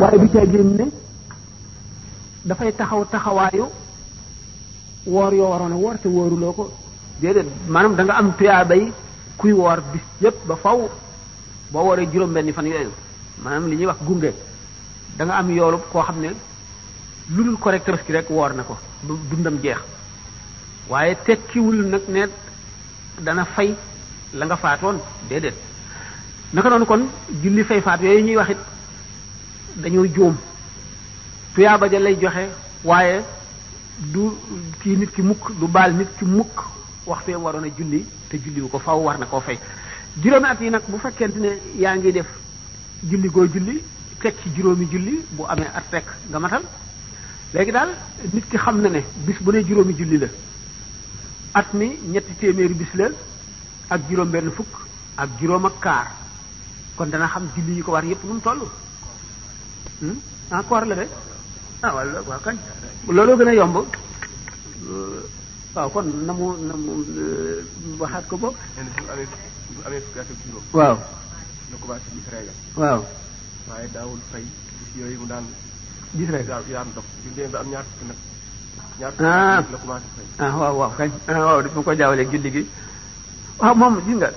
waaye bi caa génn dafay taxaw taxawaayu woor yoo waroon a woor te wóoruloo ko déedéet maanaam da nga am tuyaabay kuy woor bis yépp ba faw boo wooree juróom-benni fan yooyu maanaam li ñuy wax gunge danga am yoolub koo xam ne lu dul correcteur ki rek woor na ko dundam jeex waaye tekkiwul nag ne dana fay la nga faatoon déedéet naka noonu kon julli fay faat yooyu ñuy waxit dañoo juum tuyaaba ja lay joxe waaye du kii nit ki mukk du baal nit ki mukk waxtu waroon a julli te julliwu ko faw war na koo fay juróomi at yi nag bu fekkente ne yaa ngi def julli goo julli fekk ci juróomi julli bu amee at rek nga matal léegi daal nit ki xam na ne bis bu ne juróomi julli la at mi ñetti téeméeri bis la ak juróom benn fukk ak juróom ak kaar kon dana xam julli yi ko war yépp nu mu toll ah koor la de ah waaw waaw kañ looloo a yomb waaw kon na mu ko boog. waaw. na waaye daawul yooyu mu daan. gis régal ko jaawaleeg julli gi waaw moom gis nga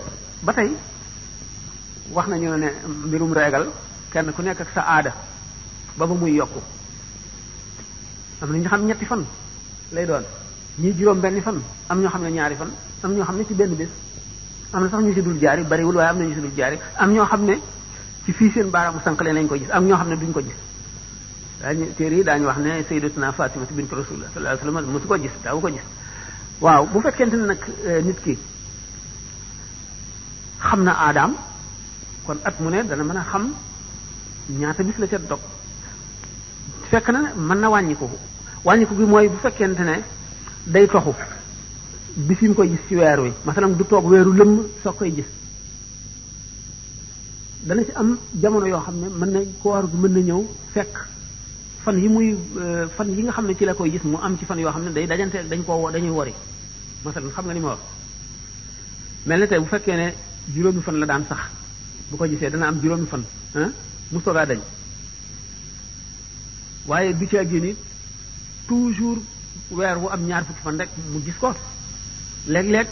ba tey wax nañu ne mbirum régal kenn ku nekk ak sa aada. ba ba muy yokk am na ñu xam ñetti fan lay doon ñii juróom benn fan am ñoo xam ne ñaari fan am ñoo xam ne ci benn bés am na sax ñu si dul jaari bariwul waaye am na ñu si jaar jaari am ñoo xam ne ci fii seen baaraamu sànq leen lañ ko gis am ñoo xam ne duñ ko gis daañu téere yi daañu wax ne sayyidatuna Fatima bint Rasulullah sallallahu alayhi wasallam mosu ko gis daawu ko gis waaw bu fekkente ne nag euh, nit ki xam na aadaam kon at mu ne dana mën a xam ñaata bis la ca dog fekk na mën na wàññiku wàññiku gi mooy bu fekkente ne day toxu bis yi mu koy gis ci weer wi masalan du toog weeru lëmm soog koy gis dana ci am jamono yoo xam ne mën na koor gi mën na ñëw fekk fan yi muy euh, fan yi nga xam ne ci la koy gis mu am ci fan yoo xam ne day dajante ak dañ koo dañuy wori masalan xam nga ni ma wax mel na tey bu fekkee ne juróomi fan la daan sax bu ko gisee dana am juróomi fan mu soogaa dañ waaye du caa génn toujours weer wu am ñaar fukki fan rek mu gis ko léeg lekk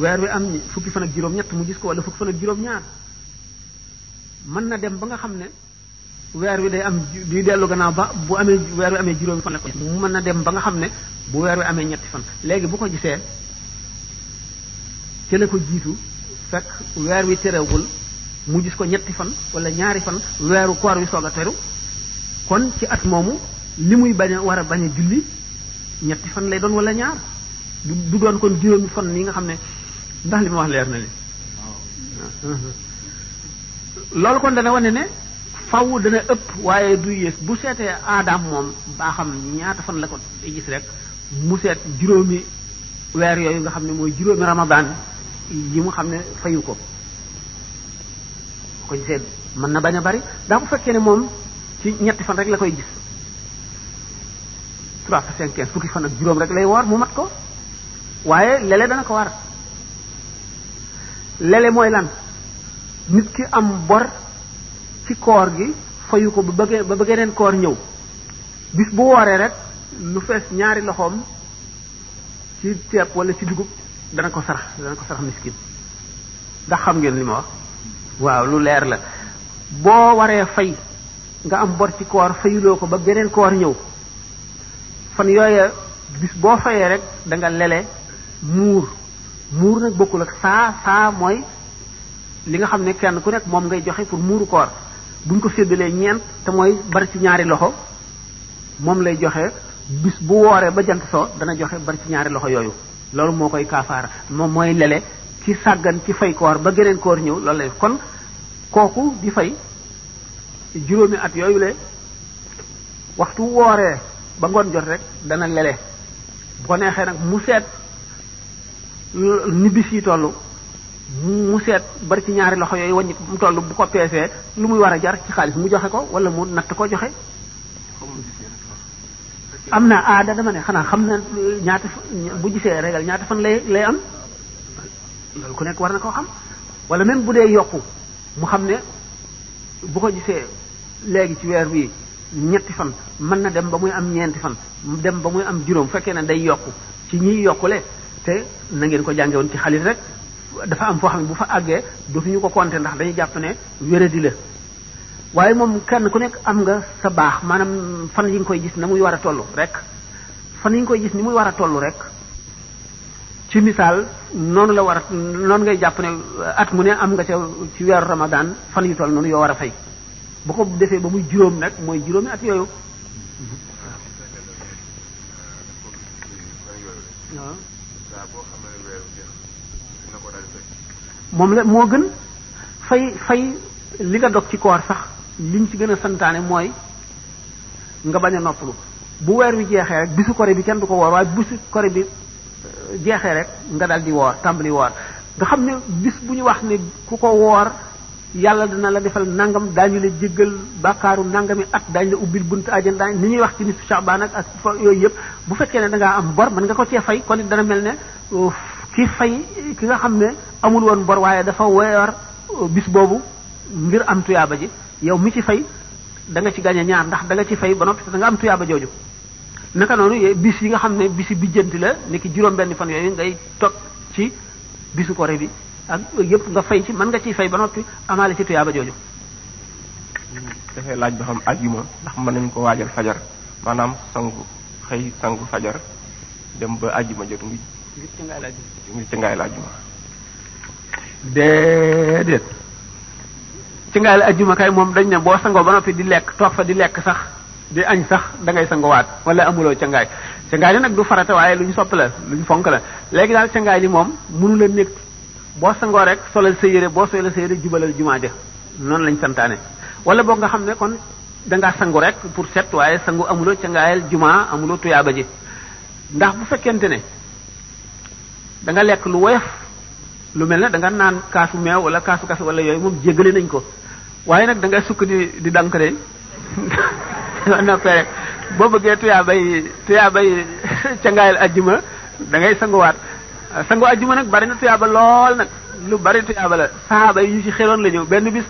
weer wi am fukki fan ak juróom-ñett mu gis ko wala fukki fan ak juróom-ñaar mën na dem ba nga xam ne weer wi day am di dellu gannaaw ba bu amee weer wi amee juróomi fan la ko mu mën na dem ba nga xam ne bu weer wi amee ñetti fan léegi bu ko gisee ci la ko jiitu fekk weer wi terewul mu gis ko ñetti fan wala ñaari fan weeru koor wi soog teru kon ci at moomu li muy bañ a war a bañ julli ñetti fan lay doon wala ñaar du doon kon juróomi fan yi nga xam ne ndax li ma wax leer na li loolu kon dana wane ne faw dana ëpp waaye du yées bu seetee aadaam moom baa xam ñaata fan la ko gis rek mu seet juróomi weer yooyu nga xam ne mooy juróomi ramadaan yi mu xam ne fayu ko ko seet mën na bañ a bari daa bu fekkee ne moom ci ñetti fan rek la koy gis trois cent cinquante fukki fan ak juróom rek lay woor mu mat ko waaye lele dana ko war lele mooy lan nit ki am bor ci koor gi fayu ko ba bëggee ba bëggee neen koor ñëw bis bu wooree rek lu fees ñaari loxoom ci ceeb wala ci dugub dana ko sarax dana ko sarax miskin ndax xam ngeen li ma wax waaw lu leer la boo waree fay nga am bor ci koor fayuloo ko ba geneen koor ñëw fan yooya bis boo fayee rek danga lele muur muur nag bokkul ak saa saa mooy li nga xam ne kenn ku nekk moom ngay joxe pour muuru buñ ko séddalee ñeent te mooy bari ci ñaari loxo moom lay joxe bis bu wooree ba jant soo dana joxe bari ci ñaari loxo yooyu loolu moo koy kaafaara moom mooy lele ci sàggan ci fay koor ba geneen koor ñëw loolu lay kon kooku di fay juróomi at yooyu le waxtu wooree ba ngoon jot rek dana lele bu ko neexee nag mu seet ni bis toll mu seet bari ci ñaari loxo yooyu wàññi mu toll bu ko peesee lu muy war a jar ci xaalis mu joxe ko wala mu natt ko joxe am na aada dama ne xanaa xam na ñaata bu gisee régal ñaata fan lay lay am loolu ku nekk war na koo xam wala même bu dee yokku mu xam ne bu ko gisee léegi ci weer bii ñetti fan mën na dem ba muy am ñeenti fan dem ba muy am juróom fekkee ne day yokku ci ñiy yokkule te na ngeen ko jànge ci xalit rek dafa am foo xam ne bu fa àggee dootuñu ko konte ndax dañu jàpp ne wéradi la waaye moom kenn ku nekk am nga sa baax maanaam fan yi nga koy gis na muy war a toll rek fan yi koy gis ni muy war a toll rek ci misaal noonu la war a noonu ngay jàpp ne at mu ne am nga ca ci weeru ramadan fan yu toll noonu yoo war a fay bu ko defee ba muy juróom nag mooy juróomi at yooyu moom la moo gën fay fay li nga dog ci koor sax liñ ci gën a santaane mooy nga bañ a lu bu weer wi jeexee rek bisu kore bi kenn du ko woor waaye bisu kore bi euh, jeexee rek nga dal di woor tàmbali woor nga xam ne bis bu ñu wax ni ku ko woor yàlla dina la defal nangam daañu la jéggal bàkkaaru nangami at daañu la ubbil bunt àjjana daañu ni ñuy wax ci nisu Shaaban ak ak yooyu yëpp bu fekkee ne da ngaa am bor mën nga ko cee fay kon it dana mel ne ki fay ki nga xam ne amul woon bor waaye dafa weer uh, bis boobu ngir am tuyaaba ji yow mi ci fay da nga ci gañe ñaar ndax da nga ci fay ba noppi da nga am tuyaaba jooju naka noonu bis yi nga xam ne bisi bijjanti la nekk juróom-benn fan yooyu ngay topp ci bisu koré bi ak yëpp nga fay ci man nga ciy fay ba noppi amaale ci tuyaaba jooju. dafay laaj ba xam ajjuma ndax mën nañ ko waajal fajar maanaam sangu xëy sangu fajar dem ba ajjuma jot ngi. ngir ci ajjuma. kay moom dañ ne boo sangoo ba noppi di lekk toog fa di lekk sax di añ sax da ngay sangowaat wala amuloo cangaay ngaay ca li nag du farata waaye lu ñu sopp la lu ñu fonk la léegi daal ca ngaay li moom mënu la nekk. boo sangoo rek solal sa yére boo solal sa yére jubalal jumaa ja noonu lañ santaane wala boog nga xam ne kon dangaa sangu rek pour set waaye sangu amuloo ca jumaa amuloo tuyaaba ji ndax bu fekkente ne danga lekk lu woyof lu mel ne danga naan kaasu meew wala kaasu kafe wala yooyu moom jéggale nañ ko waaye nag da ngay sukk di di dànkare boo bëggee tuyaabay tuyaabay ca ngaayal ajjuma dangay ngay sanguwaat sangu ajjuma nag bari na tuyaaba lool nag lu bari tuyaaba la saxaaba yi ci xeloon la ñëw benn bis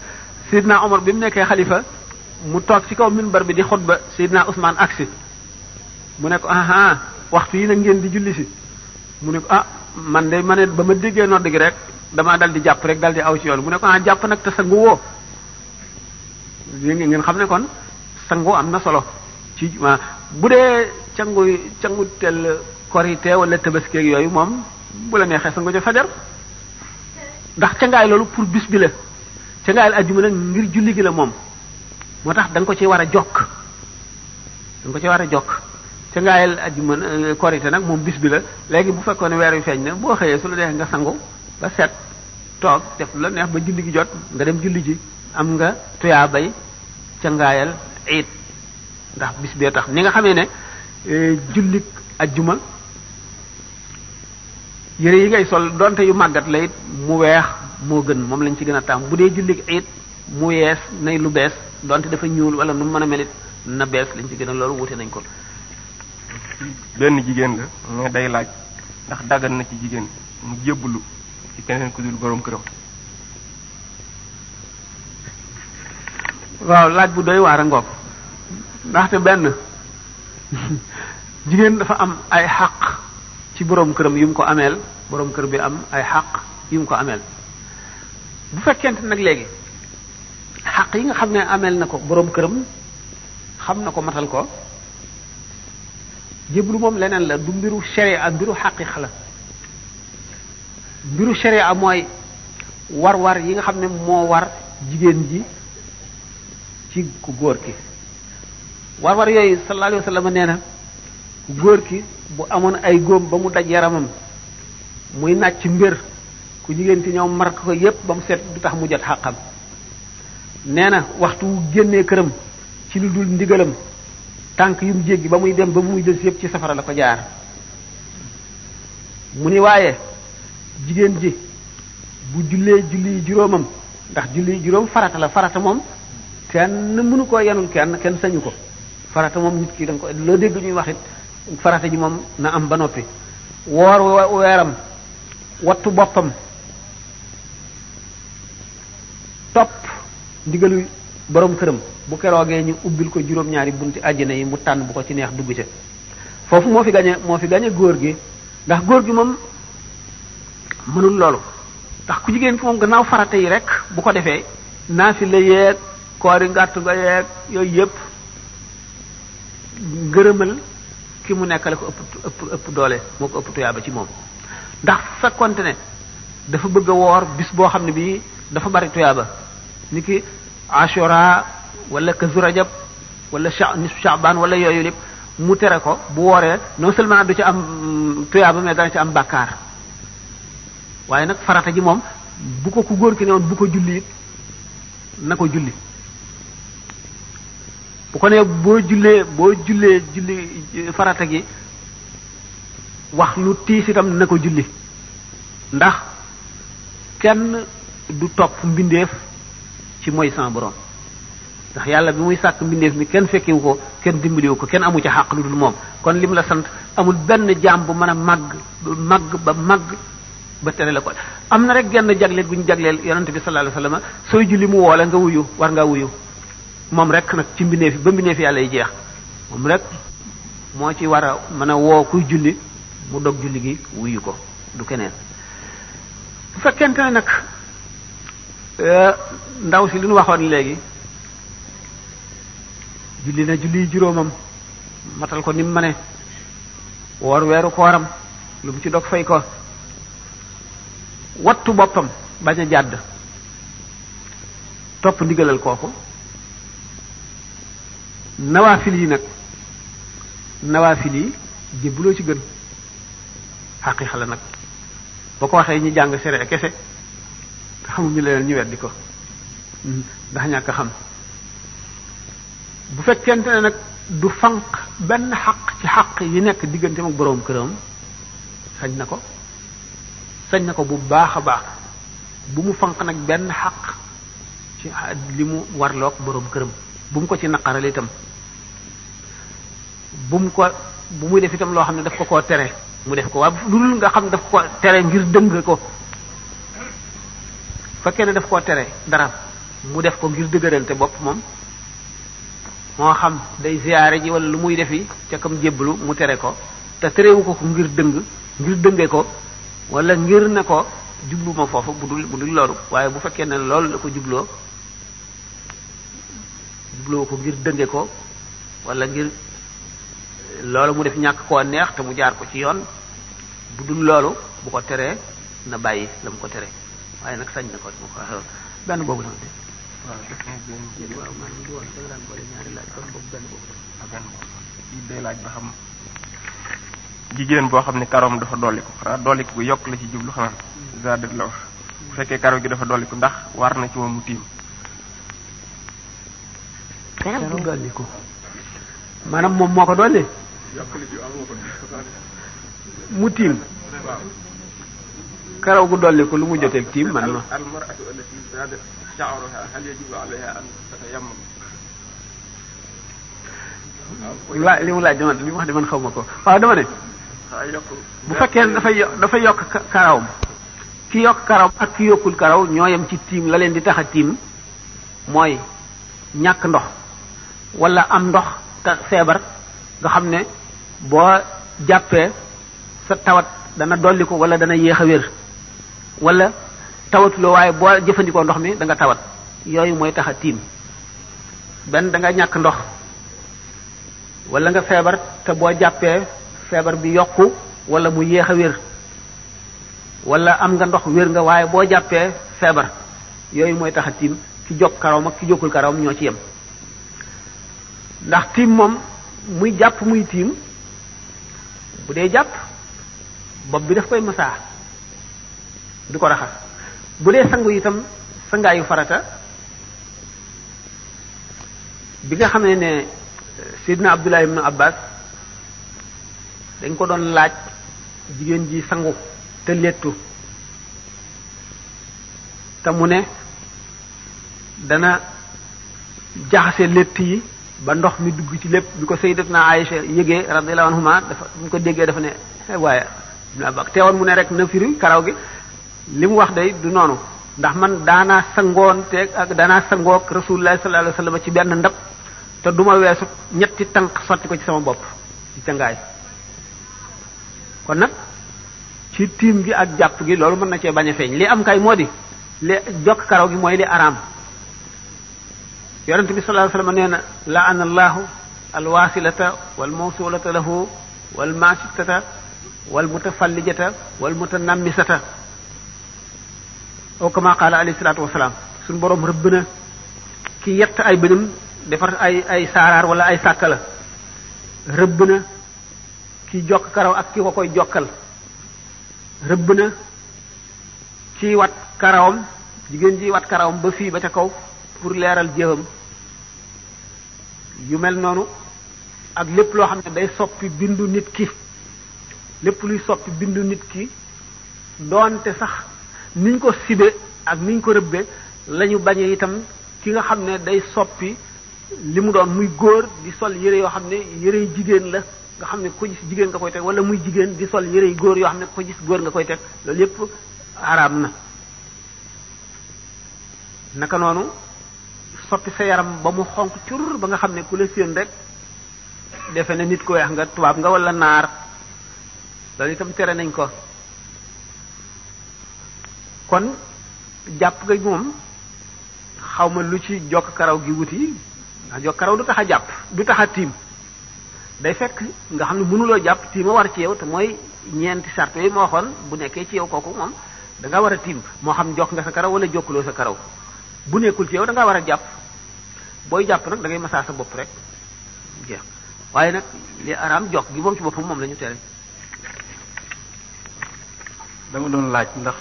Seydina Omar bi mu nekkee xalifa mu toog ci kaw minbar bi di xutba naa Ousmane aksi mu ne ko aha waxtu yi nag ngeen di julli si mu ne ko ah man de ma ba ma déggee nodd gi rek damaa dal di jàpp rek dal di aw ci yoon mu ne ko ah jàpp nag te sangu woo ngeen xam ne kon sangu am na solo ci bu dee cangu cangu tel korité wala tabaskeeg yooyu moom bu la neexee sango ca fajar ndax cangaay loolu pour bis bi la cangaayal ajjuma nag ngir julli gi la moom moo tax danga ko ci war a jokk da ko ci war a jokk cangaayal ajjuma euh, korite nag moom bis bi la léegi bu fekkoon ne weer wi feeñ ne boo xëyee su la neexee nga sangu ba set toog def la neex ba julli gi jot nga dem julli ji am nga tuyaa bay cangaayal ndax bis bee tax ni nga xamee ne euh, jullik ajjuma yére yi ngay sol donte yu màggat la mu weex moo gën moom lañ ci gën a taam bu dee julli it mu yees nay lu bees donte dafa ñuul wala nu mën a melit na bees lañ ci gën a loolu wute nañ ko. benn jigéen la ne day laaj ndax daggan na ci jigéen mu jébbalu ci keneen ku dul borom këram. waaw laaj bu doy waar a ngoog ndaxte benn jigéen dafa am ay xaq. ci borom këram yu mu ko ameel boroom kër bi am ay xaq yu mu ko ameel bu fekkent nag léegi xaq yi nga xam ne ameel na ko boroom këram xam na ko matal ko jéblu moom leneen la du mbiru sharia mbiru xaqiq la mbiru a mooy war-war yi nga xam ne moo war jigéen ji ci ku góor ki war-war yooyu sallallahu alayhi wa sallam nee na ku góor ki bu amoon ay góom ba mu daj yaramam muy ci mbir ku jigéen ki ñoom mark ko yépp ba mu set du tax mu jot xàqam nee na waxtu wu génnee këram ci lu dul ndigalam tànk yu mu jéggi ba muy dem ba muy des yépp ci safara la ko jaar mu ni waaye jigéen ji bu jullee julli juróomam ndax julli juróom farata la farata moom kenn mënu koo yenul kenn kenn sañu ko farata moom nit ki da ko loo dégg ñuy wax it farata ji moom na am ba noppi woor weeram wattu boppam topp ndigalu borom këram bu keroogee ñu ubbil ko juróom-ñaari bunti àjjana yi mu tànn bu ko ci neex dugg ca foofu moo fi gañe moo fi gañe góor gi ndax góor gi moom mënul loolu ndax ku jigéen ki moom gannaaw farata yi rekk bu ko defee naafi la yeeg koori ngàtt nga yeeg yooyu yépp ngërëmal ki mu nekkale ko ëpp ëpp doole moo ko ëpp tuyaaba ci moom ndax fekkonte ne dafa bëgg a woor bis boo xam ne bii dafa bari tuyaaba ni ki ashura wala kazu rajab wala sha nisfu sha'ban wala yooyu lépp mu tere ko bu wooree non seulement du ci am mm, tuyaaba mais dana ci am bàkkaar waaye nag farata ji moom bu ko ku góor ki ne woon bu ko julli na ko julli bu ko nee boo jullee boo jullee julli eh, farata gi wax lu tiis itam na ko julli ndax kenn du topp mbindeef ci mooy sans borom ndax yàlla bi muy sàkk mbindeef mi kenn fekkiwu ko kenn dimbaliwu ko kenn amu ci xàq lu dul moom kon lim la sant amul benn jaam bu mën a màgg màgg ba màgg ba tere la ko am na rek genn jagleel gu ñu jagleel yonente bi sallallahu alayhi wasallam sooy julli mu woole nga wuyu war ngaa wuyu moom rek nag ci mbindeef ba mbindeef yàlla yi jeex moom rek moo ci war a mën a woo kuy julli mu dog julli gi wuyu ko du keneen bu fekkente ne nag euh, ndaw si li ñu waxoon léegi julli na julli juróomam matal ko nim ma ne woor weeru kooram lu mu ci dog fay ko wattu boppam bañ a jàdd topp ndigalal kooku nawaafil yi nag nawaafil yi jébbaloo ci gën xaqiiqa la nag boo ko waxee ñu jàng sere kese te xamuñu leneen ñu weddi ko ndax ñàkk xam bu fekkente ne nag du fanq benn xaq ci xaq yi nekk diggante ak boroom këram sañ na ko sañ na ko bu baax a baax bu mu fanq nag benn xaq ci li mu warloog boroom këram bu mu ko ci naqaral itam bu ko bu muy def itam loo xam ne daf ko koo tere mu def ko waaye lu dul nga xam daf ko tere ngir dëng ko fekkee ne daf koo tere dara mu def ko ngir dëgërante bopp moom moo xam day ziyaare ji wala lu muy defi ca kam jébbalu mu tere ko te terewu ko ko ngir dëng ngir dënge ko wala ngir ne ko jubluma foofu bu dul bu dul bu fekkee ne loolu la ko jubloo jubloo ko ngir dënge ko wala ngir loolu mu def ñàkk koo neex te mu jaar ko ci yoon bu dul loolu bu ko teree na bàyyi la mu ko tere waaye nag sañ na ko mu ko benn boobu la laaj kon boobu la benn xam jigéen boo xam ne karoom dafa dolliku xanaa dolliku gu yokk la ci jublu xanaa zadat la wax bu fekkee karaw gi dafa ko ndax war na ci moom mu tiim karaw moom moo ko dolli mu tiim karaw gu dolli lu mu joteeg tiim man ma la li mu laaj dama li mu wax de man xaw ma ko waaw dama ne bu fekkee dafay dafay yokk karawam ki yokk karaw ak ki yokkul karaw ñoo yem ci tiim la leen di tax a tiim mooy ñàkk ndox wala am ndox te feebar nga xam ne boo jàppee sa tawat dana dolli ko wala dana yéex a wér wala tawatuloo waaye boo jëfandikoo ndox mi danga tawat yooyu mooy tax a tiim benn danga ñàkk ndox wala nga feebar te boo jàppee feebar bi yokku wala mu yéex a wér wala am nga ndox wér nga waaye boo jàppee feebar yooyu mooy tax a tiim ki jokk karawam ak ki jokkul karawam ñoo ci yem ndax tiim moom muy jàpp muy tiim bu dee jàpp bopp bi daf koy masaa du ko raxas bu dee sangu itam sangaayu farata bi nga xamee ne Seydina Abdullah ibn Abbas dañ ko doon laaj jigéen ji sangu te lettu te mu ne dana jaxase létt yi ba ndox mi dugg ci lépp bi ko sayyidatna Aïcha yëgee radiyallahu anhuma dafa bu ko déggee dafa ne eh, waaye ibn Abak teewoon mu ne rek na firi karaw gi li mu wax day du noonu ndax man daanaa sangoon teeg ak daanaa sangook rasulullah sallallahu alayhi wasallam ci benn ndab te duma weesu ñetti tànk sotti ko ci sama bopp ci cangaay kon nag ci tiim gi ak jàpp gi loolu mën na cee bañ a feeñ li am kay moo di li jokk karaw gi mooy li araam yonent bi sallallahu alayhi wasallam nee na la'ana allahu alwasilata walmawsulata lahu walmasitata walmutafallijata walmutanammisata aw kama qaala alayhi salaatu wasalaam suñu boroom rëbb na ki yett ay bëñam defar ay ay saaraar ay sàkka la rëbb na ki jokk karaw ak ki ko koy jokkal rëbb na ci wat karawam jigéen ji wat karawam ba fii ba ca kaw pour leeral jëfam yu mel noonu ak lépp loo xam ne day soppi bindu nit ki lépp luy soppi bindu nit ki doonte sax niñ ko sibe ak niñ ko rëbbe lañu bañe itam ki nga xam ne day soppi li mu doon muy góor di sol yére yoo xam ne yére jigéen la nga xam ne ko gis jigéen nga koy teg wala muy jigéen di sol yére góor yoo xam ne ko gis góor nga koy teg loolu yépp araam na naka noonu soppi sa yaram ba mu xonq cur ba nga xam ne ku la séen rek defe ne nit ku weex nga tubaab nga wala naar loolu itam tere nañ ko kon jàpp nga moom xaw ma lu ci jokk karaw gi wuti ndax jokk karaw du tax a jàpp du tax a tiim day fekk nga xam ne mënuloo jàpp tiima war ci yow te mooy ñeenti sart yi moo waxoon bu nekkee ci yow kooku moom da nga war a tiim moo xam jokk nga sa karaw wala jokkuloo sa karaw bu nekkul ci yow da nga war a jàpp booy jàpp nag da ngay masaa sa bopp rek jeex waaye nag li araam jox gi moom ci bopp moom la ñu tere dama doon laaj ndax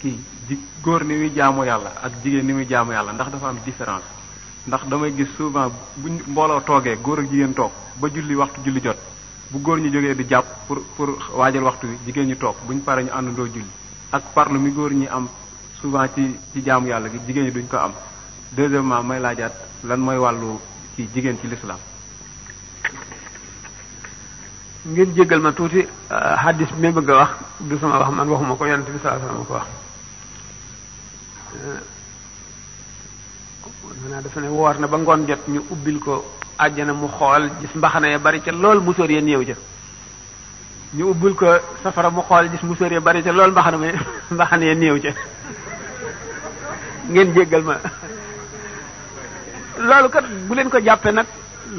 kii ji góor ni muy jaamu yàlla ak jigéen ni muy jaamu yàlla ndax dafa am différence ndax damay gis souvent bu mbooloo toogee góor ak jigéen toog ba julli waxtu julli jot bu góor ñi jógee di jàpp pour pour waajal waxtu wi jigéen ñi toog buñ paree ñu àndandoo julli ak parlu mi góor ñi am souvent ci ci jaamu yàlla gi jigéen ñi duñ ko am deuxièmement may laajaat lan mooy wàllu ci jigéen ci lislaam ngeen jéggal ma tuuti euh, hadis bi bëgg a wax du sama wax man waxuma ko yonent bi sallallahu alayhi wasallam ko wax maanaam euh, dafa ne woor na ba ngoon jot ñu ubbil ko àjjana mu xool gis mbaxana ya bari ca lool musóor ya néew ja ñu ubbil ko safara mu xool gis musóor ya bari ca lool mbaxana ma mbaxana ya néew ca ngeen jéggal ma loolu bu leen ko jàppee nag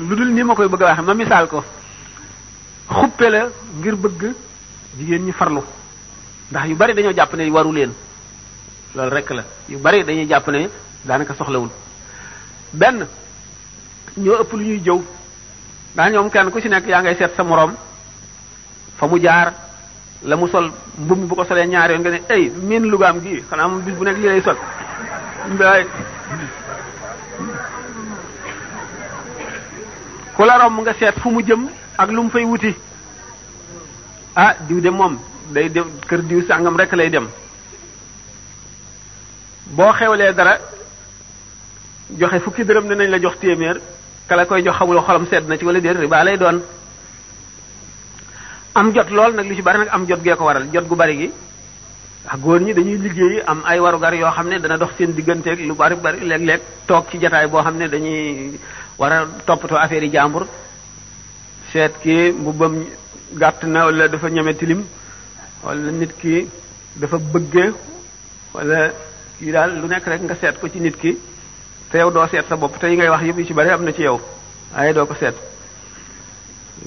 lu dul nii ma koy bëgg a wax ma misaal ko xuppe la ngir bëgg jigéen ñi farlu ndax yu bari dañoo jàpp ne waru leen loolu rek la yu bari dañuy jàpp ne daanaka soxlawul benn ñoo ëpp lu ñuy jëw ndax ñoom kenn ku ci nekk yaa ngay seet sa moroom fa mu jaar la mu sol mbubb bu ko solee ñaar yoon nga ne ay miin lugaam gi xanaa moom bis bu nekk li lay sol ku la romb nga seet fu mu jëm ak lu mu fay wuti ah diw de moom day dem kër diw sàngam rek lay dem boo xewlee dara joxe fukki dërëm nañ la jox téeméer kala koy jox xamul xolam sedd na ci wala déet riba lay doon am jot lool nag lu ci bari nag am jot gee ko waral jot gu bari gi ak góor ñi dañuy liggéey am ay warugar yoo xam ne dana dox seen digganteeg lu bari bari léeg lekk toog ci jataay boo xam ne dañuy war a toppatoo affaire yi jàmbur seet ki mbubbam gàtt na wala dafa ñeme tilim wala nit ki dafa bëgge wala kii daal lu nekk rek nga seet ko ci nit ki te yow doo seet sa bopp te yi ngay wax yëpp yu ci bari am na ci yow waaye doo ko seet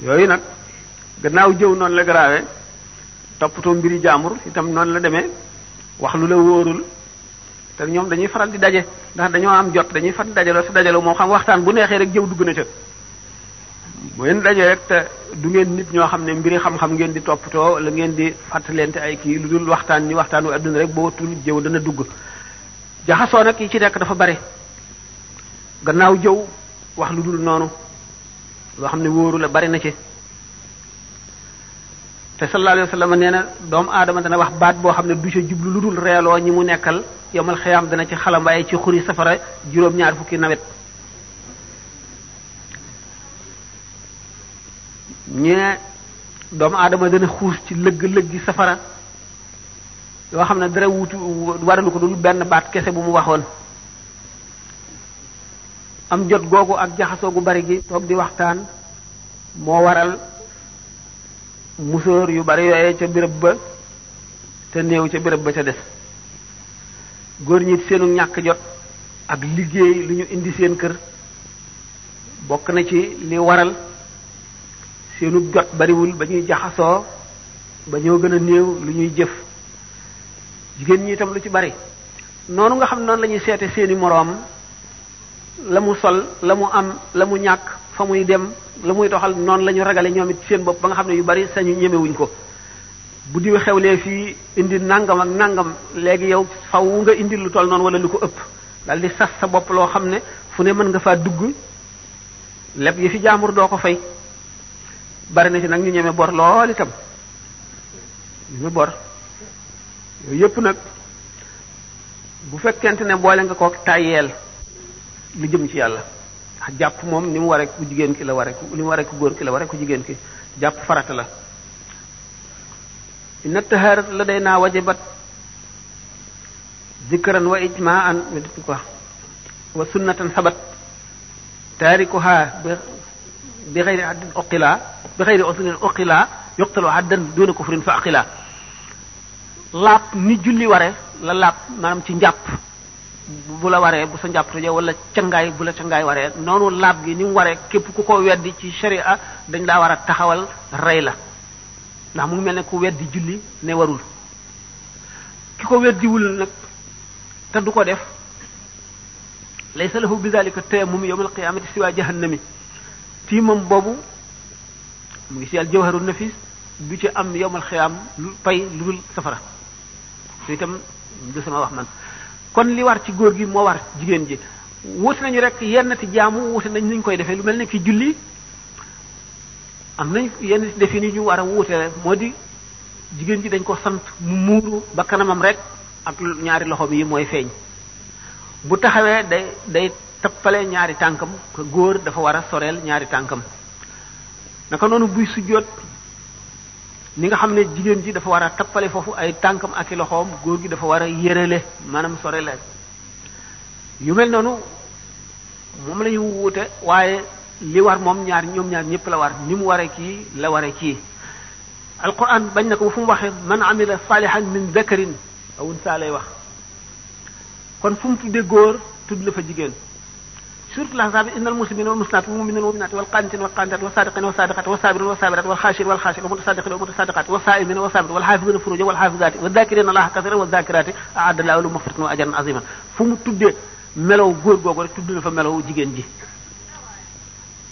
yooyu nag gannaaw jëw noonu la garaawee toppatoo mbiri jàmbur itam noonu la demee wax lu la wóorul te ñoom dañuy faral di daje ndax dañoo am jot dañuy faral di dajaloo su dajaloo moom xam waxtaan bu neexee rek jëw dugg na ca bu ngeen rek du ngeen nit ñoo xam ne mbiri xam ngeen di toppatoo la ngeen di fàttalente ay kii lu dul waxtaan ni waxtaanu adduna rek boo tudd jëw dana dugg jaxasoo nag yi ci nekk dafa bari gannaaw jëw wax lu dul noonu loo xam ne wóoru la bari na ci te sallallahu alayhi wa sallam nee na doomu aadama dana wax baat boo xam ne du ca jublu lu dul reeloo ñi mu nekkal yomal xayaam dana ci xalambay ci xuri safara juróom-ñaar fukki nawet ñee doomu aadama dana xuus ci lëgg-lëggi safara yoo xam ne dara wutu waralu ko dul benn baat kese bu mu waxoon am jot googu ak jaxasoo gu bari gi toog di waxtaan moo waral musóor yu bari yooye ca béréb ba te néew ca béréb ba ca des góor ñi seenu ñàkk jot ak liggéey lu ñu indi seen kër bokk na ci li waral seenu jot bariwul ba ñuy jaxasoo ba ñoo gën a néew lu ñuy jëf jigéen ñi itam lu ci bari noonu nga xam noonu la ñuy seete seeni moroom la mu sol la mu am la mu ñàkk fa muy dem la muy doxal noonu la ñu ragale ñoomit seen bopp ba nga xam ne yu bari sañu ñemewuñ ko bu diw xewlee fii indi nangam ak nangam léegi yow faw nga indi lu toll noonu wala lu ko ëpp dal di sas sa bopp loo xam ne fu ne mën nga faa dugg leb yi fi jaamur doo ko fay bari na ci nag ñu ñeme bor lool itam ñeme bor yooyu yëpp nag bu fekkente ne boole nga ko tàyyeel lu jëm ci yàlla jàpp moom ni mu waree ku jigéen ki la waree ku ni mu waree ku góor ki la waree ku jigéen ki jàpp farat la inna taharat la day naa wajabat zikran wa ijmaan wa sunnatan sabat taarikuha bi xeyri addin uqila bi xeyri usulin uqila yuqtalu addan duna kufrin fa laab ni julli ware la laab maanaam ci njàpp bu la waree bu sa njàpp toje wala cangaay bu la cangaay waree noonu laab gi ni mu waree képp ku ko weddi ci sharia dañ laa war a taxawal rey la ndax mu ngi mel ne ku weddi julli ne warul ki ko weddiwul nag te du ko def laysa lahu bi zalika tayammum yawmal qiyamati siwa jahannami tiimam boobu mu ngi si al jawharu nafis du ci am yawmal xiyaam lu pay lu dul safara su tam du sama wax man kon li war ci góor gi moo war jigéen ji wuute nañu rek yenn ti jaamu wuute nañ ñu koy defee lu mel ne ki julli am nañ yenn defin yi ñu war a wuute moo di jigéen ji dañ ko sant mu muuru ba kanamam rek ak ñaari loxo yi mooy feeñ bu taxawee day day tappale ñaari tànkam ko góor dafa war a soreel ñaari tànkam naka noonu buy sujjóot ni nga xam ne jigéen ji dafa war a tappale foofu ay tànkam ak i loxoom góor gi dafa war a yërale maanaam soreel yu mel noonu moom la wuute waaye li war moom ñaar ñoom ñaar ñëpp la war ni mu waree kii la waree kii alquran bañ na ko fu mu waxee man amila salihan min zakarin aw unsa lay wax kon fu mu tuddee góor tudd la fa jigéen surtout lahzabi innal muslimina wal muslimat wal mu'minina wal mu'minat wal qanitina wal qanitat wal sadiqina wal sadiqat wal sabirina wal sabirat wal khashi'ina wal khashi'at wal mutasaddiqina wal mutasaddiqat wal sa'imina wal sa'imat wal hafizina furujahum wal hafizati wal dhakirina allaha kathiran wal dhakirati a'adda allahu lahum maghfiratan wa ajran aziman fu mu tuddee melaw góor googu rek tudd na fa melaw jigéen ji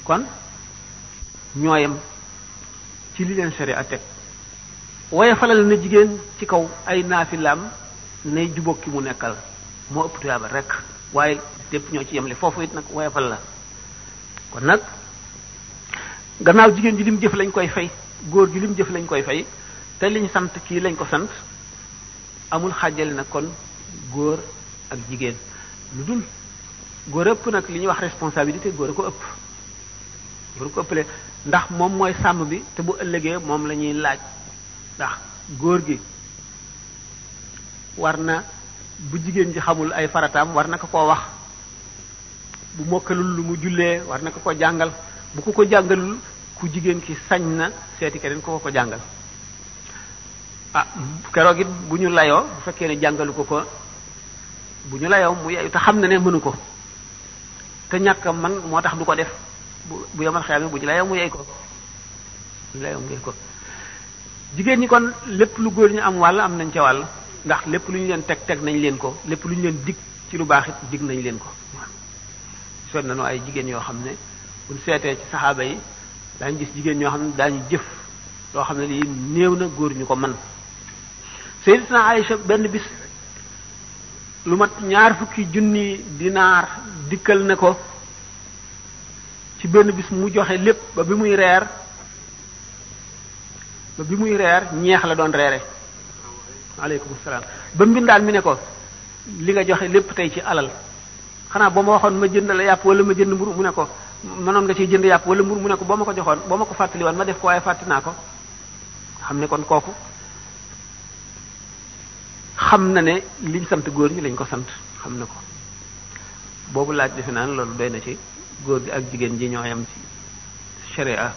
kon ñooyam ci li leen sharia teg waaye falal na jigéen ci kaw ay lam ne jubóog ki mu nekkal moo ëpp tuyaaba rek waaye lépp ñoo ci yemle foofu it nag waaye fal la kon nag gannaaw jigéen ji lim jëf lañ koy fay góor gi lim jëf lañ koy fay te liñ sant kii lañ ko sant amul xajale na kon góor ak jigéen lu dul góor ëpp nag li ñuy wax responsabilité góor a ko ëpp bul ko ëppale ndax moom mooy sàmm bi te bu ëllëgee moom lañuy laaj ndax góor gi war na bu jigéen ji xamul ay farataam war na ko koo wax bu mokkalul lu mu jullee war na ko ko jàngal bu ko ko ku jigéen ki sañ na seeti keneen ko ko ko jàngal ah keroog bu ñu layoo bu fekkee ne jàngalu ko ko bu ñu layoo mu yeyu te xam na ne mënu ko te ñàkk man moo tax du ko def bu yomal xeyaam bu ci la yongu ko la yongu ko jigéen ñi kon lépp lu góor ñi am wàll am nañ ca wàll ndax lépp lu ñu leen teg teg nañ leen ko lépp lu ñu leen dig ci lu baax it nañ leen ko seet nañu ay jigéen yoo xam ne buñ seetee ci saxaaba yi daañu gis jigéen ñoo xam ne daañu jëf loo xam ne lii néew na góor ñu ko man Sayyidatuna Aïcha benn bis lu mat ñaar fukki junni dinaar dikkal na ko ci benn bis mu joxe lépp ba bi muy reer ba bi muy reer ñeex la doon reere aleykum salaam ba mbindaan mi ne ko li nga joxe lépp tey ci alal xanaa boo ma waxoon ma jënd la yàpp wala ma jënd mburu mu ne ko mënoon nga ciy jënd yàpp wala mburu mu ne ko boo ma ko joxoon boo ma ko fàttali woon ma def ko waaye fàtti naa ko xam ne kon kooku xam na ne liñ sant góor ñi lañ ko sant xam na ko boobu laaj defe naa loolu doy na ci góor gi ak jigéen ji ñoo yam ci sharia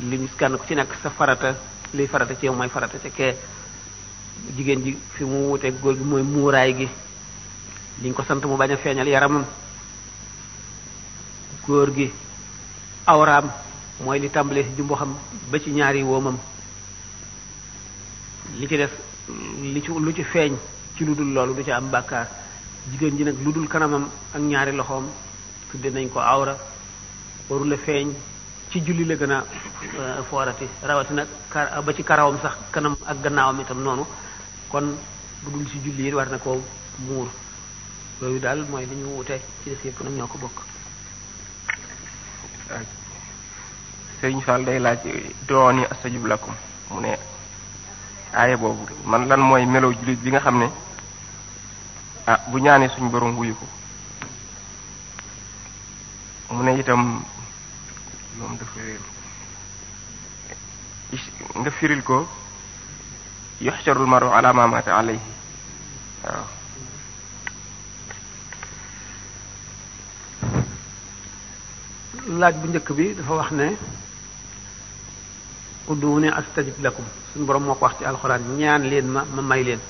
li ñu kenn ku ci nekk sa farata liy farata ci yow mooy farata ca kee jigéen ji fi mu wuteeg góor gi mooy muuraay gi liñ ko sant mu bañ a feeñal yaramam góor gi awraam mooy li tàmbalee si jumbo xam ba ci ñaari woomam li ci def li ci lu ci feeñ ci lu dul loolu du ci am bàkkaar jigéen ji nag lu dul kanamam ak ñaari loxoom tudde nañ ko awra warula feeñ ci julli la gën a euh, foorati rawatina ba ci karawam sax kanam ak gannaawam itam noonu kon bu dul ci julli yi war na koo muur loolu daal mooy li ñu wute ci des yëpp nag ñoo ko bokk euh, sëriñ Fall day laaj dooni astajib lakum mu ne aaya boobu man lan mooy melow jullit bi nga xam ne ah bu ñaanee suñu borom wuyu mu ne itam moom dafa nga firil ko yuxsharul maru ala ma mata alayhi laaj bu njëkk bi dafa wax ne udduuni astajib lakum suñu borom moo ko wax ci alxuraan ñaan leen ma ma may leen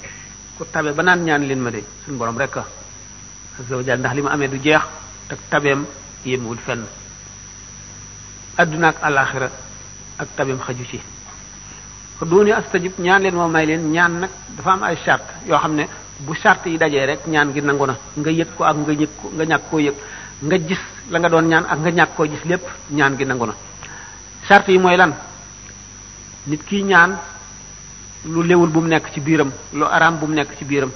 ku tabe ba naan ñaan leen ma de suñu borom rek azza wa ndax li ma amee du jeex te tabeem yéemewul fenn adduna ak alaxira ak tabim xaju ci duuni astajib ñaan leen moo may leen ñaan nag dafa am ay charte yoo xam ne bu charte yi dajee rek ñaan gi nangu na nga yëg ko ak nga yëg ko nga ñàkk gis la nga doon ñaan ak nga ñàkk koo gis lépp ñaan gi nangu na charte yi mooy lan nit kiy ñaan lu lewul bu mu nekk ci biiram lu araam bu mu nekk ci biiram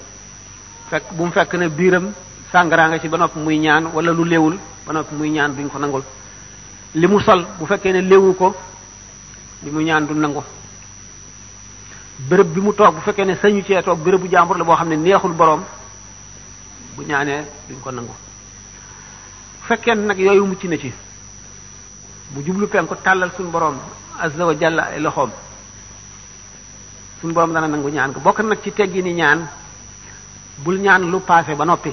fekk bu mu fekk ne biiram sàngaraa nga ci ba noppi muy ñaan wala lu léewul ba noppi muy ñaan duñ ko nangul li mu sol bu fekkee ne léewu ko li mu ñaan du nangu bërëb bi mu toog bu fekkee ne sañu cee toog bërëb bu la boo xam ne neexul boroom bu ñaanee duñ ko nangu bu fekkee ne nag yooyu mucc na ci mu jublu ko tàllal suñu boroom azza wa jalla ay loxoom suñu boroom dana nangu ñaan ko bokk nag ci teggi ni ñaan bul ñaan lu paase ba noppi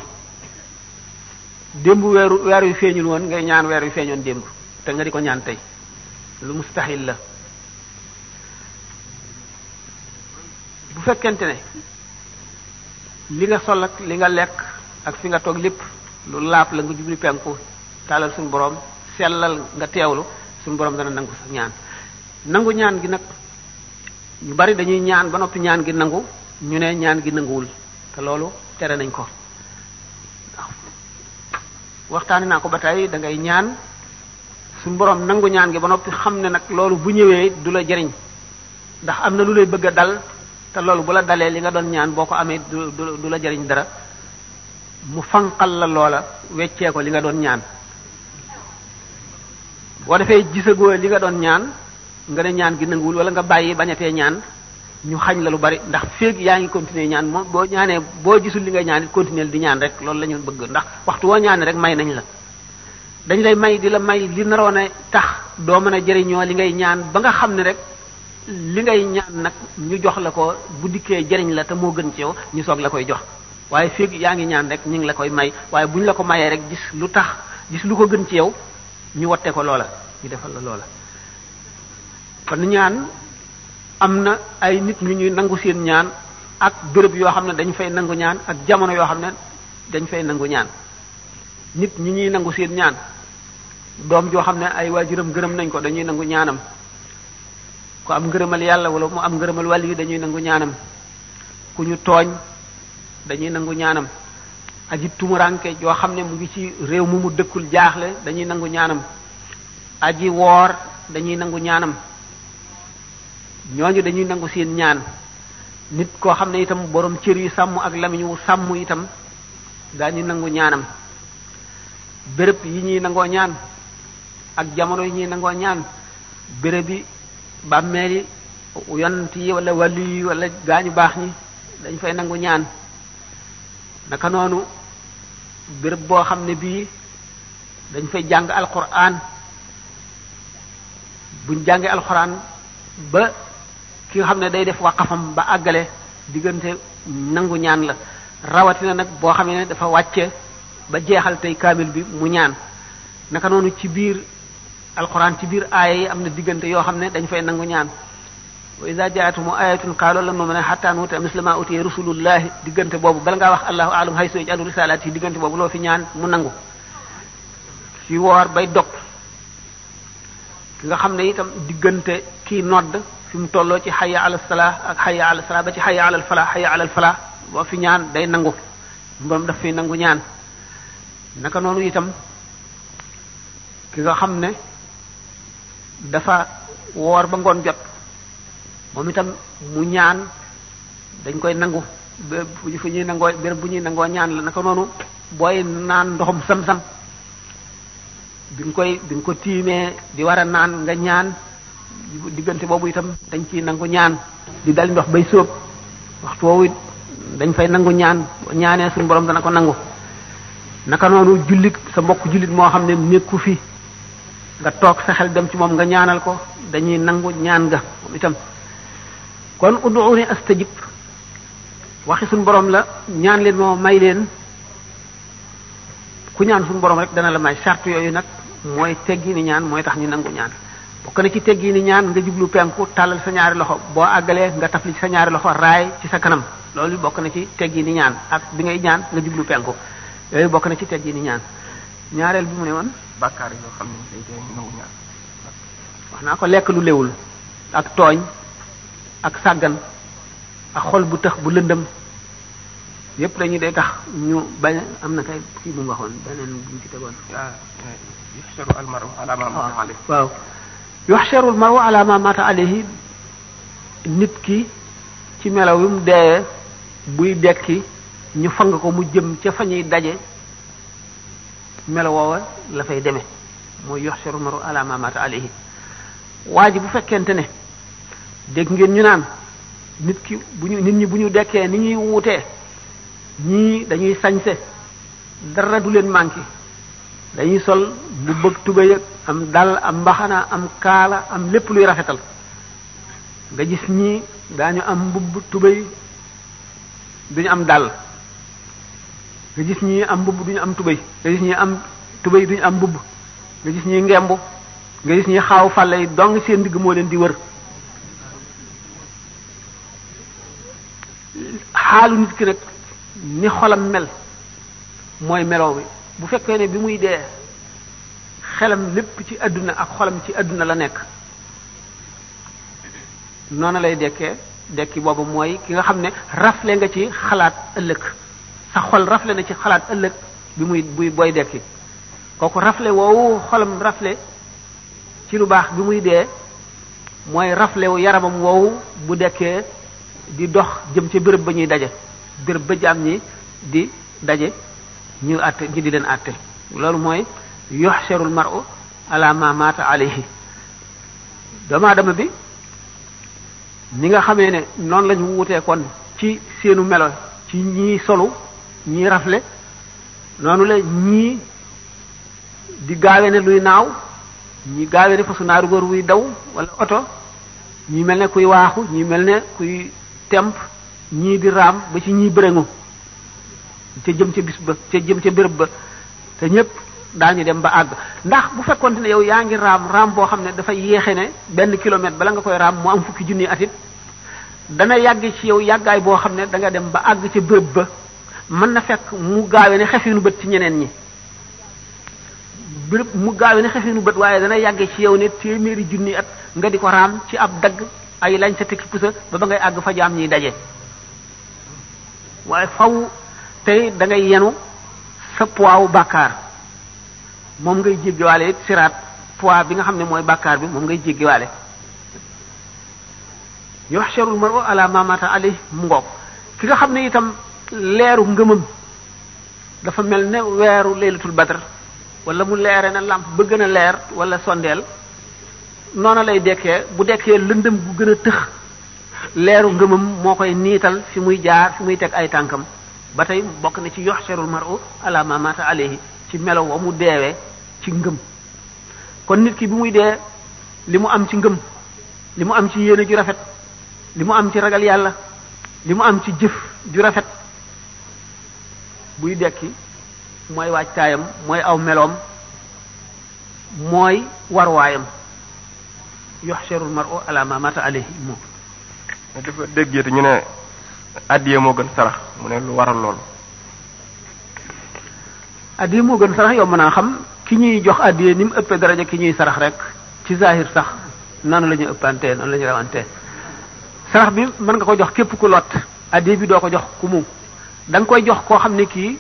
démb weeru weer yu feeñul woon ngay ñaan weer yu feeñoon démb te nga di ko ñaan tey lu mustaxil la bu fekkente ne li nga sol ak li nga lekk ak fi nga toog lépp lu laab la nga jubli penku taalal suñu borom sellal nga teewlu suñu borom dana nangu sa ñaan nangu ñaan gi nag ñu bari dañuy ñaan ba noppi ñaan gi nangu ñu ne ñaan gi nanguwul te loolu tere nañ ko waxtaani naa ko ba tey da ngay ñaan suñu borom nangu ñaan ba noppi xam ne nag loolu bu ñëwee du la jariñ ndax am na lu lay bëgg a dal te loolu bu la dalee li nga doon ñaan boo ko amee du du la jariñ dara mu fanqal la loola weccee ko li nga doon ñaan boo defee gisagoo li nga doon ñaan nga ne ñaan gi nanguwul wala nga bàyyi bañatee ñaan ñu xañ la lu bari ndax féeg yaa ngi continuer ñaan moom boo ñaanee boo gisul li nga ñaan it continuer di ñaan rek loolu la ñu bëgg ndax waxtu woo ñaanee rek may nañ la dañ lay may di la may li naroon a tax doo mën a jëriñoo li ngay ñaan ba nga xam ne rek li ngay ñaan nag ñu jox la ko bu dikkee jëriñ la te moo gën ci yow ñu soog la koy jox waaye féeg yaa ngi ñaan rek ñu ngi la koy may waaye bu ñu la ko mayee rek gis lu tax gis lu ko gën ci yow ñu watte ko loola ñu defal la loola am na ay nit ñu ñuy nangu seen ñaan ak béréb yoo xam ne dañ fay nangu ñaan ak jamono yoo xam ne dañ fay nangu ñaan nit ñi ñuy nangu seen ñaan doom joo xam ne ay waajuram gërëm nañ ko dañuy nangu ñaanam ku am yàlla wala mu am ngërëmal wàll yi dañuy nangu ñaanam ku ñu tooñ dañuy nangu ñaanam aji tumuraanke yoo xam ne mu ngi ci réew mu mu dëkkul jaaxle dañuy nangu ñaanam aji woor dañuy nangu ñaanam ñooñu dañuy nangu seen ñaan nit koo xam ne itam borom cër yu sàmm ak lamiñ wu sàmm itam daañu nangu ñaanam bërëb yi ñuy nangoo ñaan ak jamono yi ñuy nangoo ñaan béréb yi bàmmeel yi yonent yi wala wàllu yi wala gaañu baax ñi dañ fay nangu ñaan naka noonu bërëb boo xam ne bii dañ fay jàng alquran buñ jàngee alquran ba ki xam ne day def waqafam ba àggale diggante nangu ñaan la rawatina nag boo xam ne dafa wàcce ba jeexal tey kaamil bi mu ñaan naka noonu ci biir alquran ci biir aaya yi am na diggante yoo xam ne dañ fay nangu ñaan wa iza jaatumu ayatun qaalu lan nu'mina hatta nu'ta misla ma utiya rusulullahi diggante boobu bala ngaa wax allahu a'lam haysu yaj'alu risalati diggante boobu loo fi ñaan mu nangu ci woor bay dog ki nga xam ne itam diggante kii nodd fi tolloo ci xayya ala salaa ak xayya ala ci xayya ala falaa xayya ala falaa boo fi ñaan day nangu mboom daf fi nangu ñaan naka noonu itam ki nga xam ne dafa woor ba ngoon jot moom itam mu ñaan dañ koy nangu béréb ñuy nangoo bu ñuy nangoo ñaan la naka noonu booy naan ndoxum sam-sam bi nga koy bi nga ko tiimee di war a naan nga ñaan diggante boobu itam dañ ciy nangu ñaan di dal ndox bay sóob waxtu woowu dañ fay nangu ñaan ñaanee suñu borom dana ko nangu naka noonu jullit sa mbokk jullit moo xam ne nekku fi nga toog sa xel dem ci moom nga ñaanal ko dañuy nangu ñaan nga moom itam kon ud'uuni astajib waxi suñu borom la ñaan leen moo may leen ku ñaan suñu borom rek dana la may charte yooyu nag mooy teggi ni ñaan mooy tax ñu nangu ñaan bokk na ci teggi ni ñaan nga jublu penku tàllal sa ñaari loxo boo àggalee nga li ci sa ñaari loxo raay ci sa kanam loolu bokk na ci teggi ni ñaan ak bi ngay ñaan nga jublu penku bokk na ci teggi ni ñaan ñaareel bi mu ne woon bàkkaar yoo xam ne day tee wax naa ko lekk lu léwul ak tooñ ak sàggan ak xol bu tëx bu lëndëm yépp dañuy day tax ñu bañ am na kay kii bu mu waxoon beneen bu mu ci tegoon ah, eh, ah, waaw yuhsharu al mar'u ala ma nit ki ci melow yu mu deewee buy dekki ñu fang ko mu jëm ca fa ñuy daje melaw woowa la fay demee mooy yuhsharu al mar'u ala ma mata bu fekkente ne dégg ngeen ñu naan nit ki bu ñu nit ñi bu ñu dekkee ni ñuy wutee ñii dañuy sañse dara du leen manqué dañuy sol bu bëgg tubéy ak am dal am mbaxana am kaala am lépp luy rafetal nga gis ñii daañu am mbubb tubéy duñu am dàll nga gis ñii am mbubb duñu am tubéy nga gis ñii am tubéy duñu am mbubb nga gis ñii ngemb nga gis ñi xaw fàlle yi dong seen digg moo leen di wër xaalu nit ki nag ni xolam mel mooy melow bi bu fekkee ne bi muy dee xelam lépp ci àdduna ak xolam ci àdduna la nekk noonu lay dekkee dekki boobu mooy ki nga xam ne rafle nga ci xalaat ëllëg sa xol rafle na ci xalaat ëllëg bi muy booy dekki kooku rafle woowu xolam rafle ci lu baax bi muy dee mooy rafle yaramam woowu bu dekkee di dox jëm ci bërëb ba ñuy daje bërëb ba jaam ñi di daje ñu àtte ñi di leen àtte loolu mooy yuhsharul mar'u ala ma mata alayhi doomu aadama bi ñi nga xamee ne noonu lañu wutee kon ci seenu melo ci ñii solu ñii rafle noonu la ñii di gaawe ne luy naaw ñii gaawe ne fasu naaru góor wuy daw wala oto ñii mel ne kuy waaxu ñii mel ne kuy temp ñii di raam ba ci ñii bërëngu ca jëm ca bis ba ca jëm ca bërëb ba te ñépp daañu dem ba àgg ndax bu fekkonte ne yow yaa ngi raam raam boo xam ne dafa yéexe ne benn kilomètre bala nga koy raam mu am fukki junni at it dana yàgg ci yow yàggaay boo xam ne da dem ba àgg ca béréb ba mën na fekk mu gaawe ne xefinu bët ci ñeneen ñi bërëb mu gaawe ne xefinu bët waaye dana yàggee ci yow ne téeméeri junni at nga di ko raam ci ab dagg ay lañ sa pusa ba ba ngay àgg fa jaam ñiy daje waaye faw tey da yenu sa poids wu moom ngay jéggiwaale it siraat poids bi nga xam ne mooy bàkkaar bi moom ngay jéggiwaale yuhsharul mar'u ala ma mata alayhi mu ngoog ki nga xam ne itam leeru ngëmëm dafa mel ne weeru laylatul badr wala mu leere na làmp ba gën a leer wala sondeel noona lay dekkee bu dekkee lëndëm bu gën a tëx leeru ngëmëm moo koy niital fi muy jaar fi muy teg ay tànkam ba tey mu bokk na ci yuhsharul mar'u ala ma mata alayhi ci melo wa mu deewee ci ngëm kon nit ki bi muy dee li mu am ci ngëm li mu am ci yéene ju rafet li mu am ci ragal yàlla li mu am ci jëf ju rafet buy dekki mooy waajtaayam mooy aw meloom mooy warwaayam yuhsharul mar'u ala ma mata alayhi moom dafa dégg te ñu ne addiye moo gën sarax mu ne lu waral loolu addiye moo gën sarax yomb naa xam ki ñuy jox addiye ni mu ëppee daraja ki ñuy sarax rek ci zahir sax noonu lañu ñu ëppantee noonu la ñu rawantee sarax bi mën nga ko jox képp ku lot addiye bi doo ko jox ku mu da nga koy jox koo xam ne kii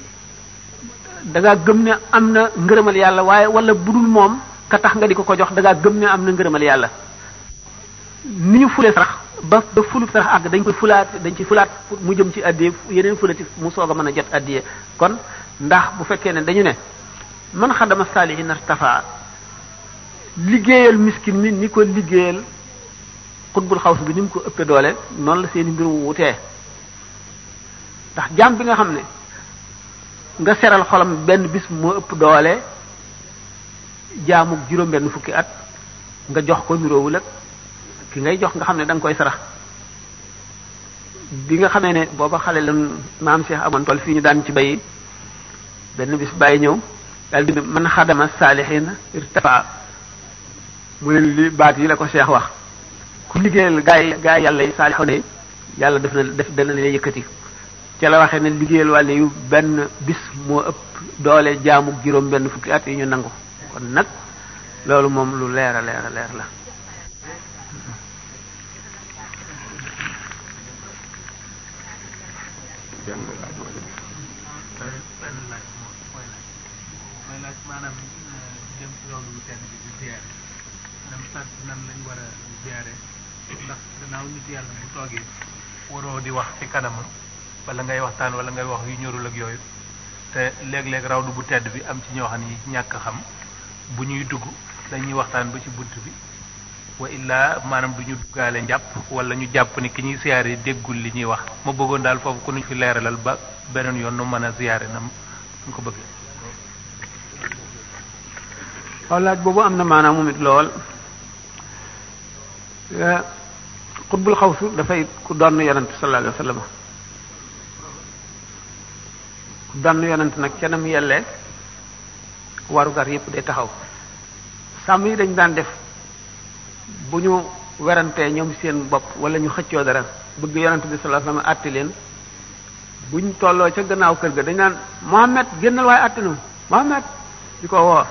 danga gëm ne am na ngërëmal yàlla waaye wala budul moom ka tax nga di ko ko jox da gëm ne am na ngërëmal yàlla ni ñu fulee sarax ba ba fulub sarax àgg dañ koy fulaat dañ ci fulaat mu jëm ci addiye yeneen fulati mu soog a mën a jot addiye kon ndax bu fekkee ne dañu ne man xadama na artafaa liggéeyal miskin mi ni ko liggéeyal xutbul xaws bi ni mu ko ëppee doole noonu la seen i mu wutee ndax jaam bi nga xam ne nga seral xolam benn bis moo ëpp doole jaamu juróom benn fukki at nga jox ko niroowul ak ki ngay jox nga xam ne da koy sarax bi nga xamee ne booba xale la maam Cheikh amoon tool fii ñu daan ci bay benn bis bàyyi ñëw daal di man xadama saalihiina irtafa mu ne li baat yi la ko Cheikh wax ku liggéeyal gaa yi gaa yàlla yi saalihoon yi yàlla def na def dana la yëkkati ca la waxee ne liggéeyal wàll yu benn bis moo ëpp doole jaamu juróom benn fukki at yi ñu nangu kon nag loolu moom lu leer a leer a la maanaam euh, jëm ci loolu seen bi di ziare maanaam sart nan lañ war a ziare ndax bu toogee waroo di wax ci kanamam wala ngay waxtaan wala ngay wax yu ñorul ak yooyu te léeg-léeg rawdu bu tedd bi am ci ñoo xam ni ñàkk xam bu ñuy dugg dañuy waxtaan ba ci bunt bi wa illaa maanaam du ñu duggaale njàpp wala ñu jàpp ni ki ñuy siyaare déggul li ñuy wax ma bëggoon daal foofu ku ñu fi leeralal ba beneen yoon nu mën a siyaare na mu ko bëggee waaw boobu am na maanaam moom it lool eh, xutbul xawsu dafay ku donn yonent sallallahu alayhi wa sallam ku donn yonent nag canam yellee warugar yépp day taxaw sàmm yi dañ daan def bu ñu werantee ñoom seen bopp wala ñu xëccoo dara bëgg yonent bi sallallahu alayhi àtti leen buñ tolloo ca gannaaw kër ga dañ naan Mohammed génnal waaye àtti na di ko woo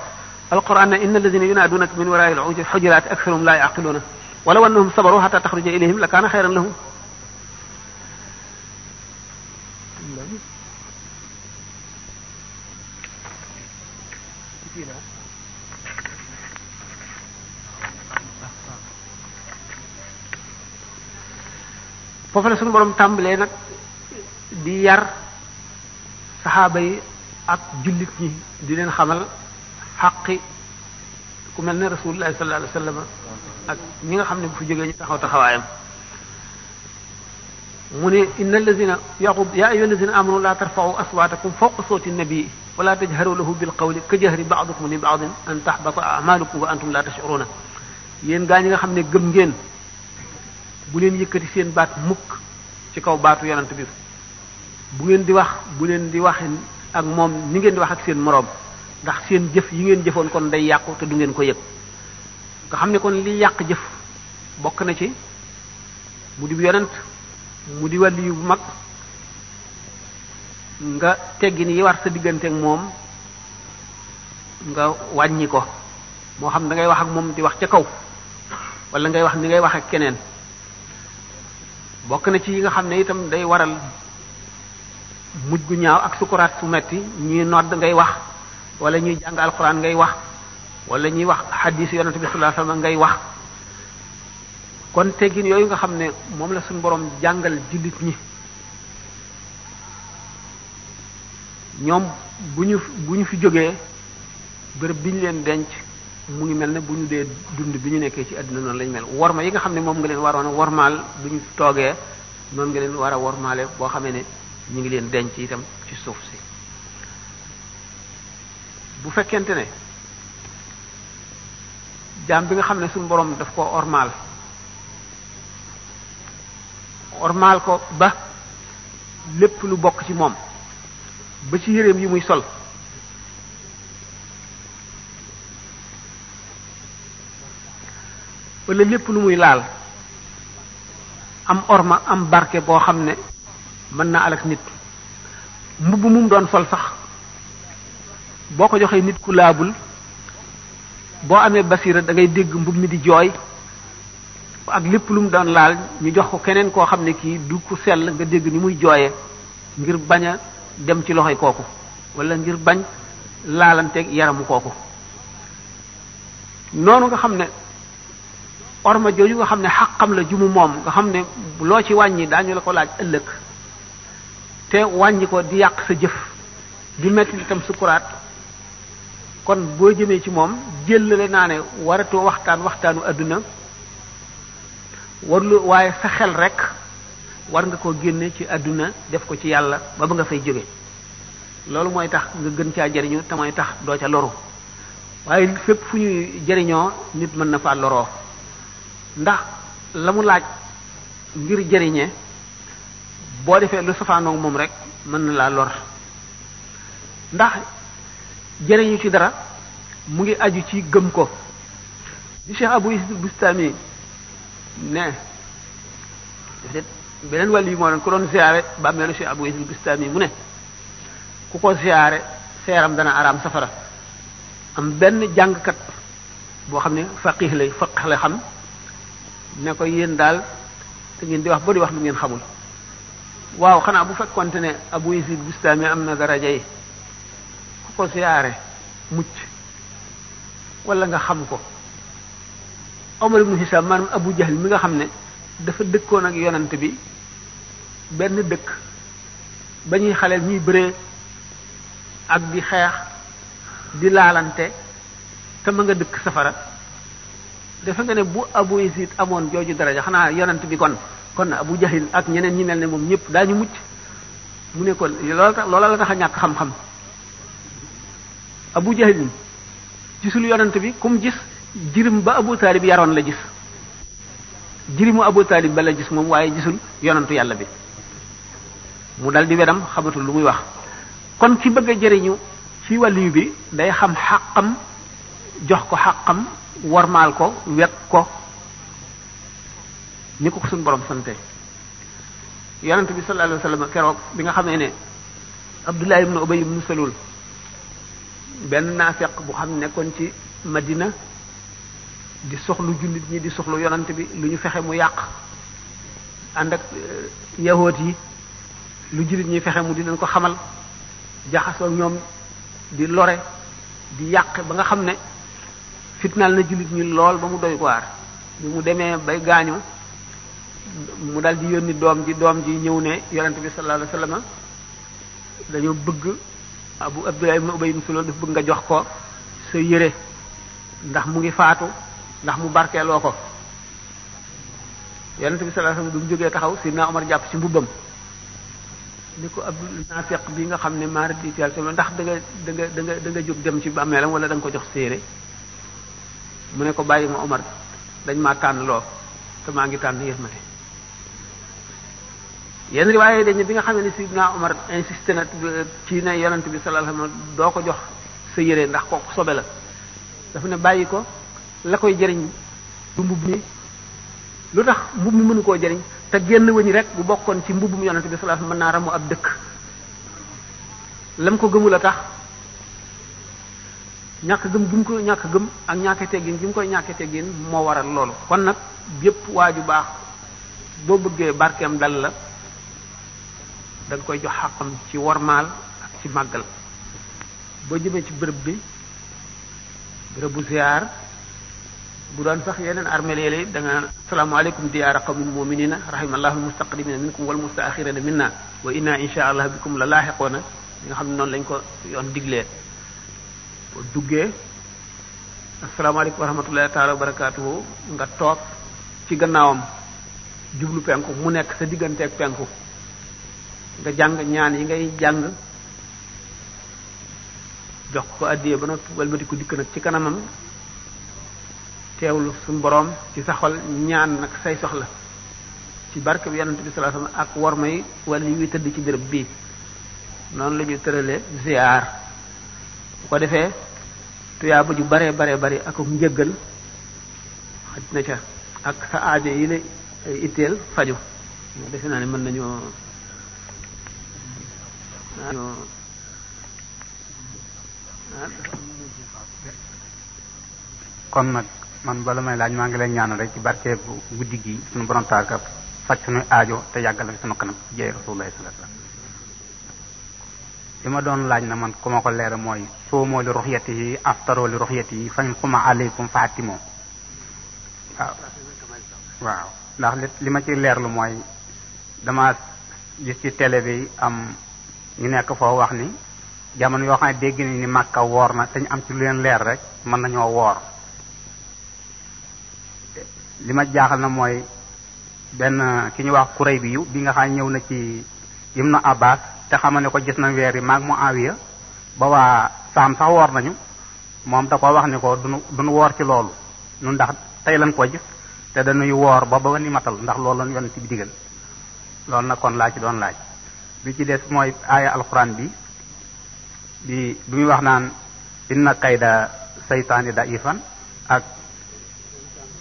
alquran ne inna alladina yunaaduunaka min waraai alxujuraati aktharuhum laa yaqiluuna walaw annahum sabaru xata taxruja ilayhim la kaana xayran lahum foofu la suñu borom tàmbalee nag di yar saxaaba yi ak jullit ñi di leen xamal xaqi ku mel ne rasulullahi sallallahu alayhi wa sallam ak ñi nga xam ne bu fi jógee ñu taxaw taxawaayam mu ne inna allazina yaqub ya ayyuha allazina amanu la tarfa'u aswatakum fawqa sawti nabi wala tajharu lahu bil qawli ka jahri ba'dikum li ba'din an tahbata a'malukum wa antum la tash'uruna yéen gaa ñi nga xam ne gëm ngeen bu leen yëkkati seen baat mukk ci kaw baatu yonent bi bu ngeen di wax bu leen di waxe ak moom ni ngeen di wax ak seen moroom ndax seen jëf yi ngeen jëfoon kon day yàqu te du ngeen ko yëg nga xam ne kon li yàq jëf bokk na ci mu di yonent mu di wàlli yu bu mag nga teggi yi war sa diggante ak moom nga wàññi ko moo xam da dangay wax ak moom di wax ca kaw walla ngay wax ni ngay wax ak keneen bokk na ci yi nga xam ne itam day waral mujj gu ñaaw ak sukuraat su metti ñuy nodd ngay wax wala ñuy jàng alquran ngay wax wala ñuy wax hadis yonente bi sallallahu alayhi ngay wax kon teggin yooyu nga xam ne moom la suñ borom jàngal jullit ñi ñoom bu ñu bu ñu fi jógee bërëb bi ñu leen denc mu ngi mel ne bu ñu dee dund bi ñu nekkee ci àdduna noonu lañ mel worma yi nga xam ne moom nga leen waroon a wormaal bu ñu toogee noonu nga leen war a wormaale boo xamee ne ñu ngi leen denc itam ci suuf si bu fekkente ne jaam bi nga xam ne suñu borom daf koo ormaal ormaal ko ba lépp lu bokk ci moom ba ci yéreem yi muy sol wala lépp lu muy laal am orma am barke boo xam ne mën na alak nit mbubb mum doon sol sax boo ko joxee nit ku laabul boo amee basira dangay dégg mbub mi di jooy ak lépp lu doon laal ñu jox ko keneen koo xam ne kii du ku sell nga dégg ni muy jooye ngir bañ a dem ci loxoy kooku walla ngir bañ laalanteeg yaramu kooku noonu nga xam ne orma jooju nga xam ne xaqam la jumu moom nga xam ne loo ci wàññi daañu la ko laaj ëllëg te wàññi di yàq sa jëf di metti itam sukuraat kon boo jëmee ci moom jëllale naa ne waratoo waxtaan waxtaanu àdduna warlu waaye sa xel rekk war nga koo génne ci àdduna def ko ci yàlla ba ba nga fay jóge loolu mooy tax nga gën caa jariñu te mooy tax doo ca loru waaye fépp fu ñuy jariñoo nit mën na faa loroo ndax la mu laaj ngir jariñe boo defee lu safaanoo moom rek mën na laa lor ndax jëriñu ci dara mu ngi aju ci gëm ko di Cheikh Abu Yusuf Bustami ne beneen wàll yi moo doon ku doon siyaare bàmmeelu Cheikh Abu Yusuf Bustami mu ne ku ko siyaare seeram dana araam safara am benn jàngkat boo xam ne faqih lay faqih xam ne ko yéen daal te ngeen di wax ba di wax lu ngeen xamul waaw xanaa bu fekkonte ne Abu Yusuf Bustami am na daraja yi ku mucc walla nga xam ko Omar ibnu Hisam maanaam Abu Jahl mi nga xam ne dafa dëkkoon ak yonent bi benn dëkk ba ñuy xale ñuy bëree ak di xeex di laalante te ma nga dëkk safara defe nga ne bu Abu Yazid amoon jooju daraja xanaa yonent bi kon kon Abu Jahl ak ñeneen ñi mel ne moom ñëpp daañu mucc mu ne kon loola loola la tax ñàkk xam-xam abu jahlin gisul yonant bi kum gis jirim ba abu taalib yaroon la gis jirimu abu taalib bala gis moom waaye gisul yonantu yàlla bi mu dal di wedam xamatul lu muy wax kon ki bëgg a jëriñu ci wàllu bi day xam xàqam jox ko xàqam wormaal ko wekk ko ni ko ko suñ borom sante yonent bi sallallahu alayhi wa keroog bi nga xamee ne Abdullah ibn Ubay ibn Salul benn naa naafeq bu xam nekkoon ci madina di soxlu jullit ñi di soxlu yonant bi lu ñu fexe mu yàq ànd ak eh, yahoot yi lu jullit ñi fexe mu dinañ ko xamal jaxasoo ñoom di lore di yàq ba nga xam ne fitnaal na jullit ñi lool ba mu doy waar bi mu demee bay gaañu mu dal di yónni doom ji doom ji ñëw ne yonent bi sallallahu alayhi wasallam dañoo bëgg abu abdullah ibn ubay ibn salul daf bëgg nga jox ko sa yére ndax mu ngi faatu ndax mu barkeeloo ko yonent bi sallallahu alayhi wasallam bi mu jógee taxaw sidna omar jàpp ci mbubbam ni ko abdul naafiq bi nga xam ne maari di yàlla sama ndax da nga da nga dem ci bàmmeelam wala da ko jox sa yére mu ne ko bàyyi ma omar dañ maa tànn loo te maa ngi tànn yërmande yenn riwaaye dañ bi nga xamee ne Sidna Omar insisté na ci ne yonent bi sa alayhi wasallam doo ko jox sa yére ndax kooku sobe la dafa ne bàyyi ko la koy jëriñ du mbubb mi lu tax mbubb mi mënu koo jariñ te génn wëñ rek bu bokkoon ci mbubbum yonent bi sallallahu alayhi wasallam mën naa ramu ab dëkk lam ko gëmul a tax ñàkk gëm gi mu ko ñàkk gëm ak ñàkk teggin gi mu koy ñàkk teggin moo waral loolu kon nag yépp waa ju baax boo bëggee barkeem dal la da koy jox xàqam ci wormaal ak ci màggal boo jëmee ci bërëb bi bërëb bu ziar bu daan sax yeneen armeel yéle da nga asalaamaaleykum diyaara qawmin muminina rahimallahu almustaqdimina minkum wal mustaaxirina minna wa inna insha allah bikum la laaxiqoona li nga xam ne noonu lañ ko yoon digle boo duggee asalaamaaleykum wa rahmatullahi taala wa barakatuhu nga toog ci gannaawam jublu penku mu nekk sa digganteeg penku nga jàng ñaan yi ngay jàng jox ko addiyee ba noppi walbati ko dikk nag ci kanamam teewlu suñu boroom ci sa xol ñaan nag say soxla ci barke bi yonent bi sallallahu alayhi wasallam ak worma yi wala yuy tëdd ci béréb bii noonu la tërale tëralee bu ko defee tuyaaba ju bare bare bari ak njëggal xaj na ca ak sa aajo yi la itteel faju defe naa ne mën nañoo kon nag man bala may laaj maa ngi lay ñaanal rek ci barke bu guddi gi suñu borom taaka faj suñuy aajo te yàggal na suñu kanam jeey rasulullah li ma doon laaj na man ku ma ko leer mooy soomoo li ruxyati yi aftaroo li ruxyati yi fañ xuma aleykum faatimo waaw waaw ndax li ma ci leerlu mooy dama gis ci télé bi am ñu nekk foo wax ni jamono yoo xam ne dégg ni Makka woor na te ñu am ci lu leen leer rek mën nañoo woor li ma jaaxal na mooy benn ki ñu wax kuréy bi yu bi nga xam ne ñëw na ci Ibnu Abbas te xama ne ko gis na weer yi maag mu awiya ba waa saam sax woor nañu moom da ko wax ni ko duñu nu woor ci loolu nu ndax tey lañ ko gis te dañuy woor ba ba ni matal ndax loolu lañ yoon ci bi digal loolu na kon laa ci doon laaj bi ci des mooy aaya alxuraan bi bi bi muy wax naan inna kayda saytaani da ifan ak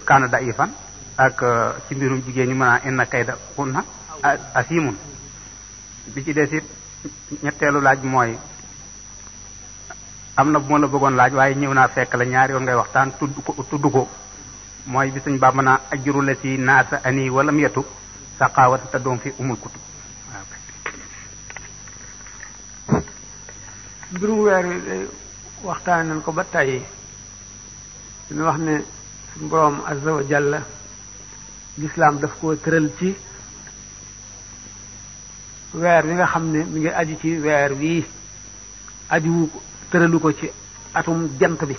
kaana da ifan ak euh, ci mbirum jigéen ñi mën a inna kayda kunna asimun bi ci des ñetteelu laaj mooy am na bu ma la bëggoon laaj waaye ñëw naa fekk la ñaari yoon ngay waxtaan tudd ko tudd ko mooy bi suñ baa mën a ajuru la si naasa ani walam yetu saqaawata te doom fi umul kutub mbirum weer yi day waxtaan ko ba tàyyi suñu wax ne suñu boroom azza wa jalla lislaam daf koo tëral ci weer bi nga xam ne mu ngi aju ci weer wii aju tëralu ko ci atum jant bi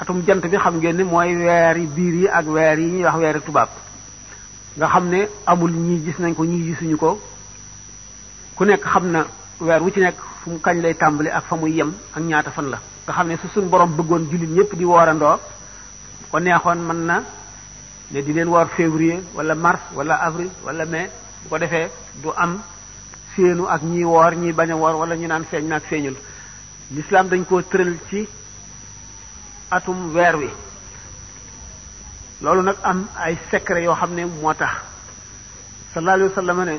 atum jant bi xam ngeen ni mooy weer yi biir yi ak weer yi ñuy wax weeri tubaab nga xam ne amul ñuy gis nañ ko ñuy gisuñu ko ku nekk xam na weer wu ci nekk fu mu kañ lay tàmbali ak fa muy yem ak ñaata fan la nga xam ne su suñ borom bëggoon jullit ñëpp di woorandoo ko neexoon mën na ne di leen woor février wala mars wala avril wala mai bu ko defee du am séenu ak ñi woor ñi bañ a woor wala ñu naan feeñ naag seeñul l'islam dañ koo tëral ci atum weer wi loolu nag am ay secret yoo xam ne moo tax sallallahu alayhi wa sallam ne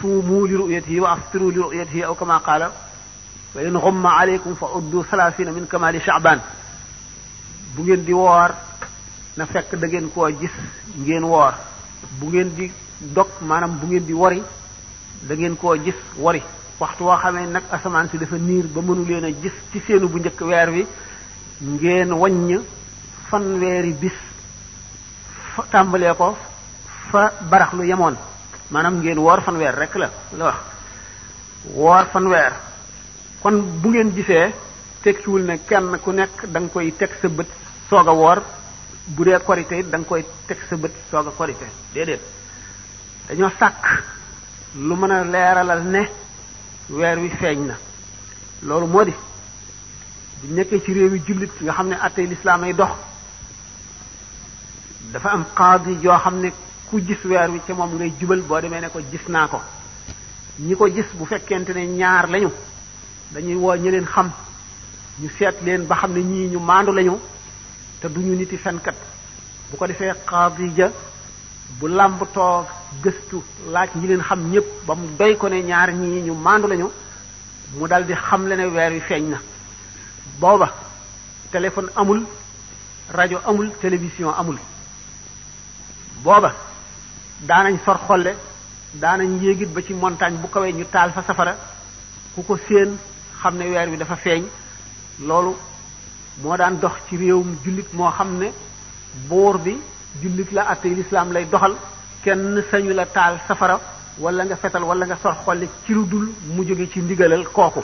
suumu li ru'yatihi wa aftiru li ru'yatihi aw kama qaala wa in xumma aleykum fa uddu salaasina min kamali shaaban bu ngeen di woor na fekk da ngeen koo gis ngeen woor bu ngeen di dog maanaam bu ngeen di wari dangeen ngeen koo gis wari waxtu woo xamee nag asamaan si dafa niir ba mënu gis ci seenu bu njëkk weer wi ngeen wàññ fanweeri bis tàmbalee ko fa baraxlu yemoon maanaam ngeen woor fanweer rek la la wax woor fanweer kon bu ngeen gisee tekkiwul ne kenn ku nekk danga koy teg sa bët soog a woor bu dee korite it koy teg sa bët soog a korite déedéet dañoo sàkk lu mën a leeralal ne weer wi feeñ na loolu moo di bu nekkee ci réew yi jullit nga xam ne attey lislaam ay dox dafa am qaadi joo xam ne ku gis weer wi ca moom ngay jubal boo demee ne ko gis naa ko ñi ko gis bu fekkente ne ñaar lañu dañuy woo ñi leen xam ñu seet leen ba xam ne ñii ñu maandu lañu te duñu niti fenkat bu ko defee Xadija bu làmb toog gëstu laaj ñi leen xam ñépp ba mu doy ko ne ñaar ñii ñu maandu lañu mu daldi xam le ne weer wi feeñ na booba téléphone amul rajo amul télévision amul booba daanañ for xolle daanañ yéegit ba ci montagne bu kawee ñu taal fa safara ku ko séen xam ne weer wi dafa feeñ loolu moo daan dox ci réewum jullit moo xam ne buur bi jullit la àtte lislaam lay doxal kenn sañu la taal safara wala nga fetal wala nga sor xolle ci lu dul mu jóge ci ndigalal kooku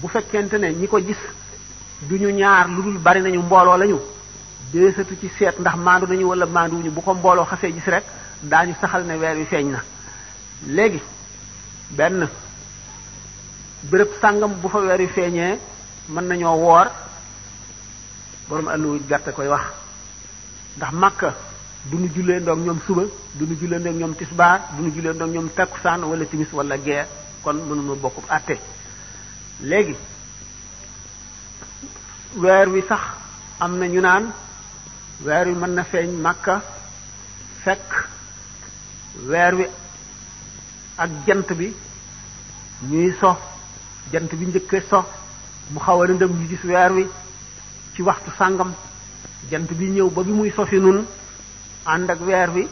bu fekkente ne ñi ko gis duñu ñaar lu dul bari nañu mbooloo lañu déesatu ci seet ndax maandu nañu wala maanduwuñu bu ko mbooloo xasee gis rek daañu saxal ne weer wi feeñ na léegi benn bërëb sàngam bu fa weer wi feeñee mën nañoo woor borom àlluwu gerte koy wax ndax màkka du nu jullee ndoog ñoom suba du nu jullee ndoog ñoom tisbaar du nu jullee ndoog ñoom takkusaan wala timis walla gee kon mënunu bokkub àtte léegi weer wi sax am na ñu naan weer wi mën na feeñ màkka fekk weer wi ak jant bi ñuy so jant bi njëkke so mu xaw a lëndëm ñu gis weer wi ci waxtu sàngam jant bi ñëw ba bi muy so si nun ànd ak weer wi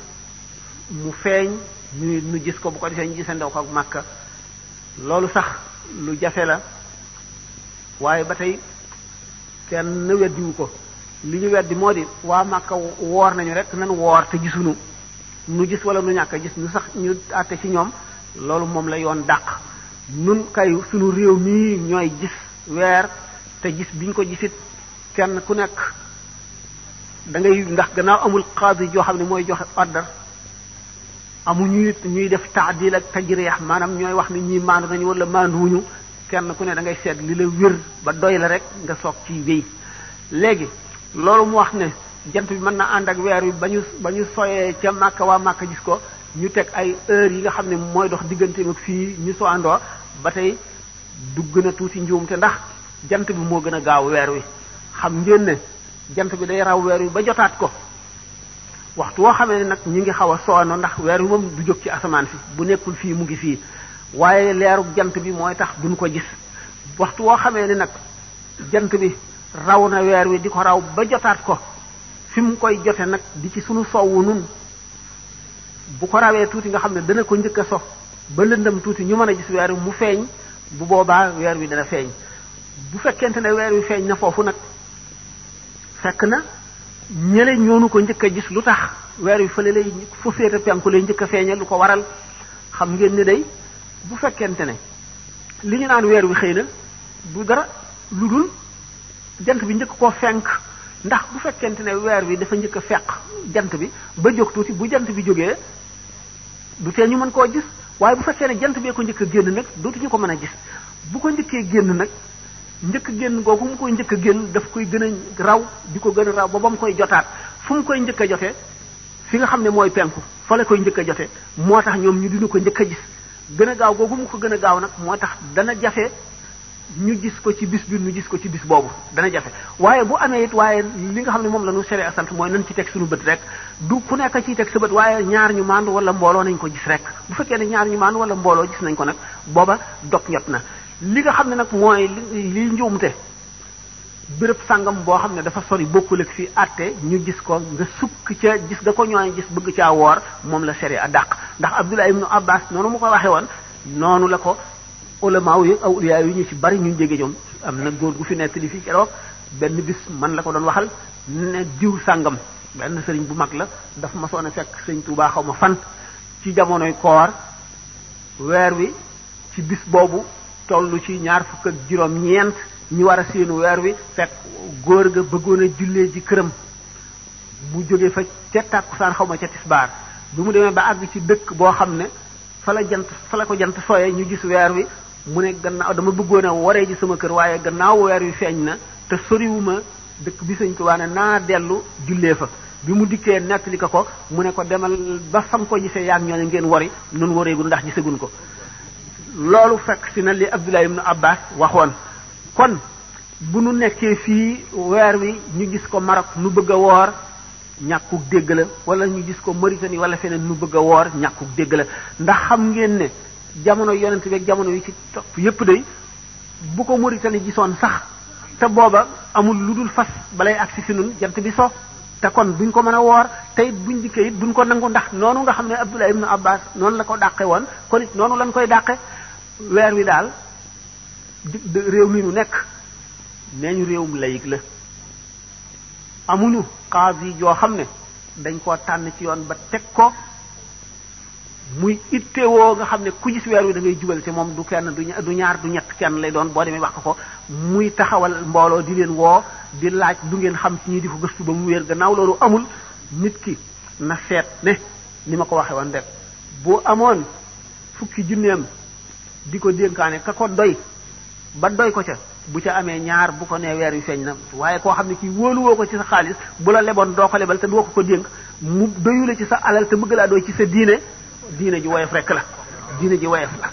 mu feeñ ñu nu gis ko bu ko defee ñu gisandew ko ak Makka loolu sax lu jafe la waaye ba tey kenn weddiwu ko li ñu weddi moo di waa Makka woor nañu rek nanu woor te gisuñu nu gis wala nu ñàkk a gis nu sax ñu àtte ci ñoom loolu moom la yoon dàq nun kay sunu réew mii ñooy gis weer te gis biñ ko gisit kenn ku nekk da ngay ndax gannaaw amul xaadi joo xam ne mooy joxe ordre amuñu it ñuy def taadil ak tajriix maanaam ñooy wax ni ñii maandu nañu wala maanduwuñu kenn ku ne da ngay seet li la wér ba doy la rek nga soog ci wéy léegi loolu mu wax ne jant bi mën na ànd ak weer wi ba ñu ba ñu soyee ca màkka waa màkka gis ko ñu teg ay heures yi nga xam ne mooy dox digganteem ak fii ñu so àndoo ba tey du gën a tuuti njuum te ndax jant bi moo gën a gaaw weer wi xam ngeen ne jant bi day raw weer wi ba jotaat ko waxtu woo xamee ne nag ñu ngi xaw a soono ndax weer wi moom du jóg ci asamaan fi bu nekkul fii mu ngi fii waaye leeru jant bi mooy tax duñ ko gis waxtu woo xamee ne nag jant bi raw na weer wi di ko raw ba jotaat ko fi mu koy jote nag di ci suñu sowwu nun bu ko rawee tuuti nga xam ne dana ko njëkk a so ba lëndam tuuti ñu mën a gis weer wi mu feeñ bu boobaa weer wi dana feeñ bu fekkente ne weer wi feeñ na foofu nag fekk na ñële ñoonu ko njëkk gis lu tax weer wi fële lay fu féete njëkk a feeñal lu ko waral xam ngeen ni day bu fekkente ne li ñu naan weer wi xëy na du dara lu dul jant bi njëkk koo fenk ndax bu fekkente ne weer wi dafa njëkk a feq jant bi ba jóg tuuti bu jant bi jógee du tee ñu mën koo gis waaye bu fekkee ne jant bee ko njëkk a génn nag dootuñu ko mën a gis bu ko njëkkee génn nag njëkk génn googu mu koy njëkk a génn daf koy gën a raw di ko gën a raw ba ba mu koy jotaat fu mu koy njëkk a jotee fi nga xam ne mooy penku fa la koy njëkk a jotee moo tax ñoom ñu dina ko njëkk a gis gën a gaaw googu mu ko gën a gaaw nag moo tax dana jafe ñu gis ko ci bis bi ñu gis ko ci bis boobu dana jafe waaye bu amee it waaye li nga xam ne moom la ñu seree sant mooy nañ ci teg suñu bët rek du ku nekk ciy teg sa bët waaye ñaar ñu maandu wala mbooloo nañ ko gis rek bu fekkee ne ñaar ñu maandu wala mbooloo gis nañ ko nag booba dog ñot na li nga xam ne nag mooy li njuumte bërëb sàngam boo xam ne dafa sori bokkul ak fi àtte ñu gis ko nga sukk ca gis ga ko ñooy gis bëgg caa woor moom la seree a dàq ndax Abdullah ibnu Abbas noonu mu ko waxee woon noonu la ko ulamaaw yi aw yaa yi ñu ci bari ñu jege ñoom am na góor gu fi nekk li fii keroog benn bis man la ko doon waxal ne diw sàngam benn sëriñ bu mag la daf ma soone fekk sëñ Tuubaa xaw ma fan ci jamonoy koor weer wi ci bis boobu toll ci ñaar fukk ak juróom ñeent ñi war a séenu weer wi fekk góor ga bëggoon a ji këram mu jóge fa ca tàkkusaan xaw ma ca tisbaar bi mu demee ba àgg ci dëkk boo xam ne fa la jant fa la ko jant soye ñu gis weer wi mu ne gannaaw dama bëggoon a waree ji sama kër waaye gannaaw weer wi feeñ na te soriwuma dëkk bi sëñ ko ne naa dellu jullee fa bi mu dikkee nettali ko ko mu ne ko demal ba fam ko gisee yaag ñooñu ngeen wari nun wareegul ndax gisaguñ ko loolu fekk si na li Abdullah ibn Abbas waxoon kon bu nu nekkee fii weer wi ñu gis ko Maroc nu bëgg a woor ñàkkuk dégg la wala ñu gis ko Mauritanie wala feneen nu bëgg a woor ñàkkuk dégg la ndax xam ngeen ne jamono yonent bi ak jamono yi ci topp yépp day bu ko Mauritanie gisoon sax te booba amul lu dul fas balay agsi si nun jant bi so te kon buñ ko mën a woor tey buñ dikkee it duñ ko nangu ndax noonu nga xam ne Abdullah ibn Abbas noonu la ko dàqe woon kon it noonu lañ koy dàqe weer wi daal réew mi ñu nekk nee ñu réewum layig la amuñu xaas yi joo xam ne dañ ko tànn ci yoon ba teg ko muy ittewoo nga xam ne ku gis weer wi da ngay jubal ci moom du kenn du ñaar du ñett kenn lay doon boo demee wax ko muy taxawal mbooloo di leen woo di laaj du ngeen xam ci ñi di ko gëstu ba mu wéer gannaaw loolu amul nit ki na seet ne ni ma ko waxee woon rek bu amoon fukki junneem di ko dénkaane ka ko doy ba doy ko ca bu ca amee ñaar bu ko nee weer yu feeñ na waaye koo xam ne kii wóoluwoo ko ci sa xaalis bu la leboon doo ko lebal te doo ko ko dénk mu doyu la ci sa alal te laa doy ci sa diine diine ji woyof rek la diine ji woyof la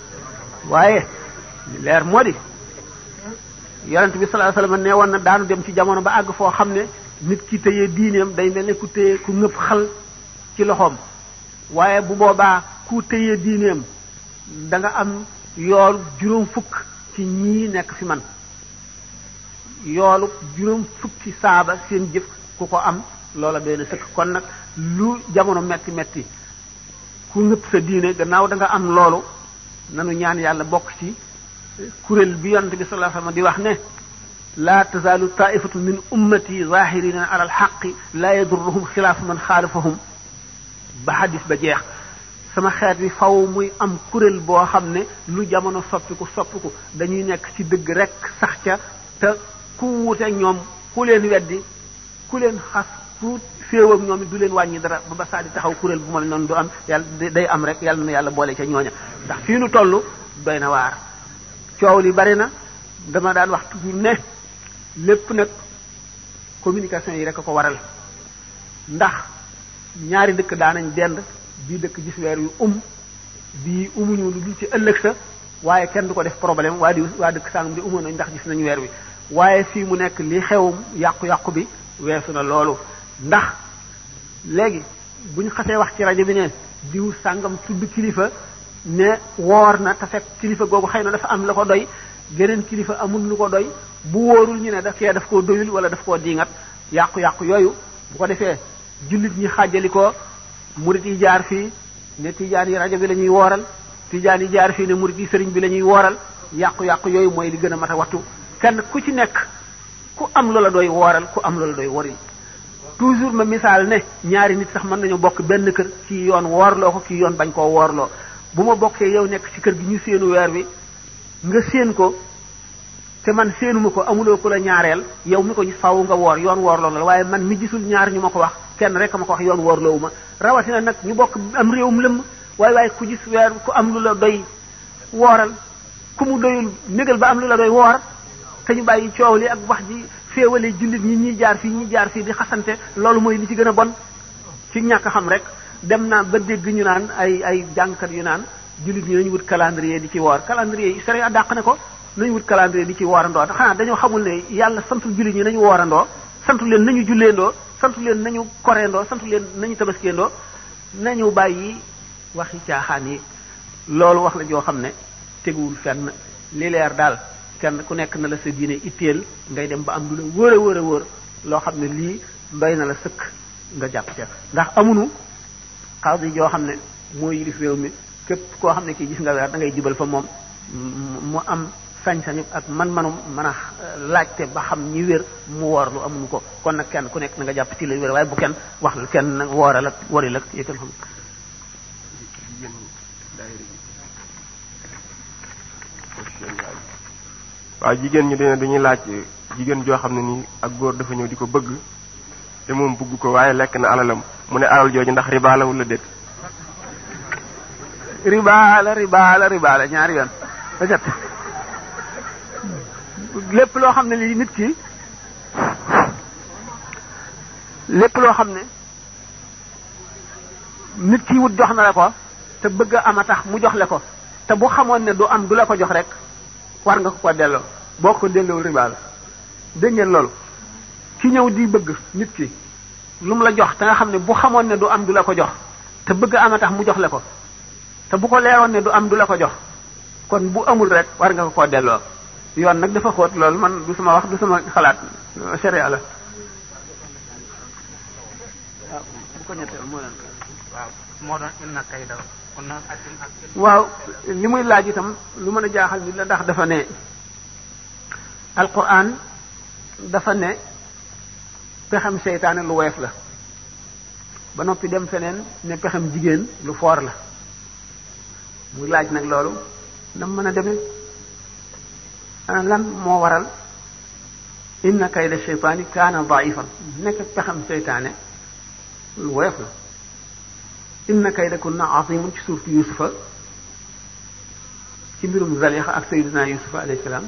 waaye leer moo di yonent bi sallallahu alayhi wasallam nee woon na daanu dem ci jamono ba àgg foo xam ne nit ki téye diineem day mel ne ku téye ku ngëpp xal ci loxoom waaye bu boobaa ku téye diineem da nga am yool juróom fukk ci ñii nekk fi man yoolu juróom fukki saaba seen jëf ku ko am loola doy na sëkk kon nag lu jamono metti metti ku ngëpp sa diine gannaaw danga nga am loolu nanu ñaan yàlla bokk ci eh, kuréel bi yonent bi sallallahu alayhi wasallam di wax ne laa tazaalu taifatu min ummati zahirina ala alxaqi laa yadurruhum xilaafu man xaalifahum ba xadis ba jeex sama xeet bi faw muy am kuréel boo xam ne lu jamono soppiku soppiku dañuy nekk ci dëgg rek sax ca te ku wuute ñoom ku leen weddi ku leen xas ku féewam ñoom it du leen wàññi dara ba ba saa taxaw kuréel bu mel noonu du am yàlla day am rek yàlla na yàlla boole ca ñooña ndax fii nu toll doy na waar coow li bari na dama daan wax toujours ne lépp nag communication yi rek a ko waral ndax ñaari dëkk daanañ dend bii dëkk gis weer yu um bii umuñu lu dul ci ëllëg sa waaye kenn du ko def problème waa di waa dëkk sàngam di umoon nañ ndax gis nañu weer wi waaye fii mu nekk li xewum yàqu-yàqu bi weesu na loolu ndax léegi bu ñu xasee wax ci rajo bi ne diw sàngam tudd kilifa ne woor na te kilifa googu xëy na dafa am la ko doy geneen kilifa amul lu ko doy bu wóorul ñu ne daf kee daf koo doyul wala daf koo diingat yàqu-yàqu yooyu bu ko defee jullit ñi xàjjali ko murit yi jaar fii ne tijaan yi rajo bi la ñuy wooral tijaan yi jaar fii ne murit yi sëriñ bi la ñuy wooral yàqu-yàqu yooyu mooy li gën a mat a wattu kenn ku ci nekk ku am loola doy wooral ku am loola doy waril toujours ma misaal ne ñaari nit sax mën nañu bokk benn kër ki yoon woorloo ko kii yoon bañ koo woorloo bu ma bokkee yow nekk ci kër gi ñu séenu weer wi nga séen ko te man séenuma ko amuloo ko la ñaareel yow mi ko gis faaw nga woor yoon woorloo la waaye man mi gisul ñaar ñu ma ko wax kenn rek ma ko wax yoon woorloowu ma rawatina nag ñu bokk am réewum lëmm waaye waaye ku gis weer ku am lu la doy wooral ku mu doyul négal ba am lu la doy woor te ñu bàyyi coow li ak wax ji féewale jullit ñi ñiy jaar fii ñiy jaar fii di xasante loolu mooy li ci gën a bon ci ñàkk xam rek dem naa ba dégg ñu naan ay ay jàngkat yu naan jullit ñi nañu wut calendrier di ci woor calendrier sere dàq ne ko nañu wut calendrier di ci woorandoo ndax xanaa dañoo xamul ne yàlla santul jullit ñi nañu woorandoo santu leen nañu julleendoo santu leen nañu koreendoo santu leen nañu tabaskeendoo nañu bàyyi wax yi caaxaan yi loolu wax la joo xam ne teguwul fen li leer daal kenn ku nekk na la sa diine itteel ngay dem ba am lu la wóor a wóor a wóor loo xam ne lii mbay na la sëkk nga jàpp ca ndax amunu yi joo xam ne moo yilif réew mi képp koo xam ne kii gis nga weer da ngay jubal fa moom mu am sañ-sañu ak man-manum mën a laajte ba xam ñi wér mu woor lu amunu ko kon nag kenn ku nekk na nga jàpp ci la wér waaye bu kenn wax la kenn wooral ak waril ak yëkkal xam waaw jigéen ñi dene dañuy laaj jigéen joo xam ne nii ak góor dafa ñëw di ko bëgg te moom bëgg ko waaye lekk na alalam mu ne alal jooju ndax riba la wala déet riba la ñaari yoon lépp loo xam ne lii nit ki lépp loo xam ne nit ki wut jox na la ko te bëgg ama tax mu jox la ko te bu xamoon ne du am du la ko jox rek war nga ko ko delloo boo ko delloo riba la dégg ngeen loolu ki ñëw di bëgg nit ki lu mu la jox te nga xam ne bu xamoon ne du am du la ko jox te bëgg am ama tax mu jox la ko te bu ko leeroon ne du am du la ko jox kon bu amul rek war nga ko ko delloo yoon nag dafa xóot loolu man du sama wax du sama xalaat sharia la waaw ah, bu moo leen waaw moo waaw li muy laaj itam lu mën a jaaxal nit la ndax dafa ne alquran dafa ne pexem seytaane lu woyof la ba noppi dem feneen ne pexem jigéen lu foor la mu laaj nag loolu nam mën a demee lan moo waral inna kayda shaytaani kaana daifan nekk pexem seytaane lu woyof la inna na azimun ci suurtu yusufa ci mbirum Zalixa ak Seydina yusufa alayhi salaam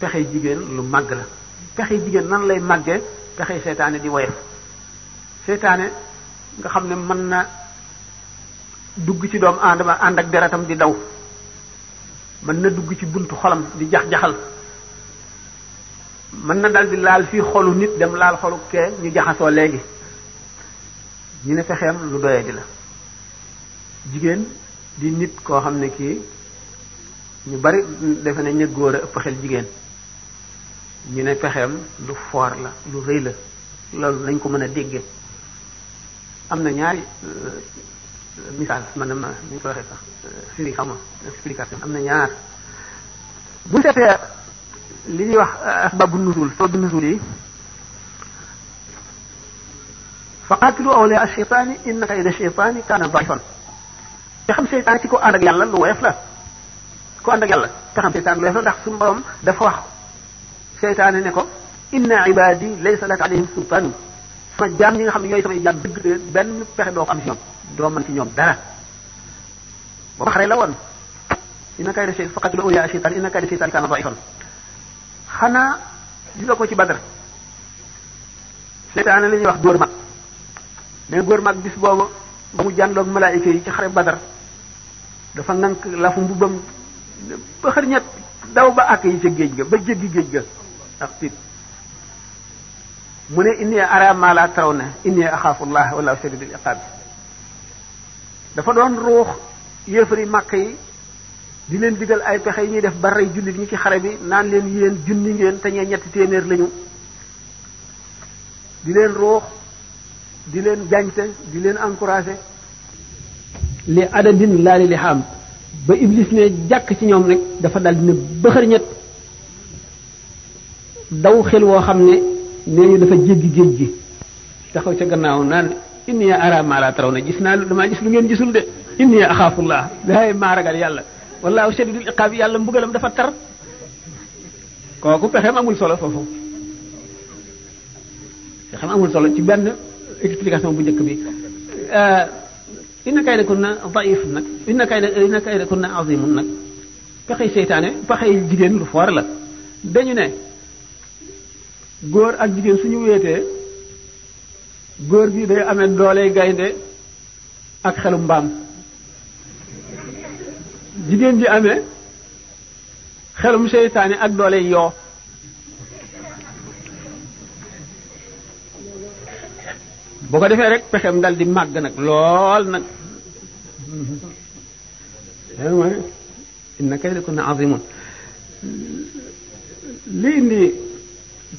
pexe jigéen lu màgg la pexe jigéen nan lay màggee pexe seytaane di woyof seytaane nga xam ne mën na dugg ci doomu aadama ànd ak deretam di daw mën na dugg ci buntu xolam di jax-jaxal mën na dal di laal fii xolu nit dem laal xolu kee ñu jaxasoo léegi ñu ne fexeem lu doyee di la jigéen di nit koo xam ne kii ñu bari defe na ña góor a ëpp xel jigéen ñu ne pexem lu foor la lu rëy la loolu lañ ko mën a déggee am na ñaari euh, misaal man na ma ñu ko waxee sax euh, firi xam explication am na ñaar bu seetee li ñuy wax euh, asbaabu nuzul sababu nuzul yi wa qaatilu awliya cheytaani inna kayda cheytaani kaana daifan te xam seytaan ci ko ànd ak yàlla lu woyof la ko ànd ak yàlla te xam seytaan lu woyof la ndax suñu borom dafa wax seytaane ne ko inna ibadi laysa laka alayhim sultaan sama jaam ñi nga xam ne ñooy samay jaam dëgg de benn pexe doo ko am ci ñoom doo mën ci ñoom dara booba xare la woon inna kayda cheytaan faqat lu awliya cheytaan inna kayda cheytaan kaana daifan xanaa gis nga ko ci badar seytaane la ñuy wax dóor ma ne góor mag bis booba ba mu jànloog malaayika yi ci xare badar dafa ngank lafu mbubbam ba xër ñett daw ba àkk yi ca géej ga ba jéggi géej ga ndax tiit mu ne inni ara ma la taraw na inni axaafullah wala shadidul iqaab dafa doon ruux yéefari màkk yi di leen digal ay pexe yi ñuy def ba rey jullit ñi ci xare bi naan leen yéen junni ngeen te ñee ñetti téenéer lañu di leen ruux di leen jañte di leen encouragé li adadin laa li li xaam ba iblis ne jàkk ci ñoom rek dafa dal dina bëxër ñett daw xel woo xam ne nee ñu dafa jéggi géej gi taxaw ca gannaaw naan inni ara ma la taraw na gis naa damaa gis lu ngeen gisul de inni axaafullah daay maa ragal yàlla wallaahu shadidul iqaab yàlla mbugalam dafa tar kooku pexeem amul solo foofu pexeem amul solo ci benn explication bu njëkk bi euh, inna na daif nag inna kayda inna kaydakunna azimun nag pexe seytaane pexey jigéen lu foor la dañu ne góor ak jigéen suñu wéetee góor bi day amee dooley gaynde ak xelu mbaam jigéen ji amee xelum seytaane ak dooley yoo boo ko defee rek pexem dal di màgg nag lool nag mooy inna kaydakunna azimun li indi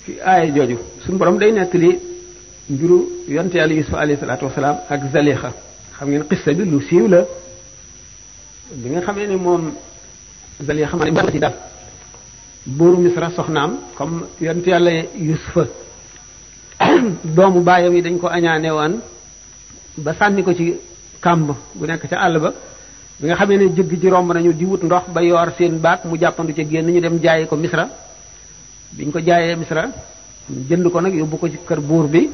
ci aaya jooju suñu borom day nettali mbiru yonte yàlla yusuf alayhi salaatu wasalaam ak zalixa xam ngeen xissa bi lu siiw la bi nga xamee ni moom zalixa ma ci daal buuru misra soxnaam comme yonte yàlla yusufa doomu baayam yi dañ ko añaane woon ba sànni ko ci kàmb bu nekk ca àll ba bi nga xamee ne jëgg ji romb nañu di wut ndox ba yoor seen baat mu jàppandu ca génn ñu dem jaayi ko misra biñ ko jaayee misra jënd ko nag yóbbu ko ci kër buur bi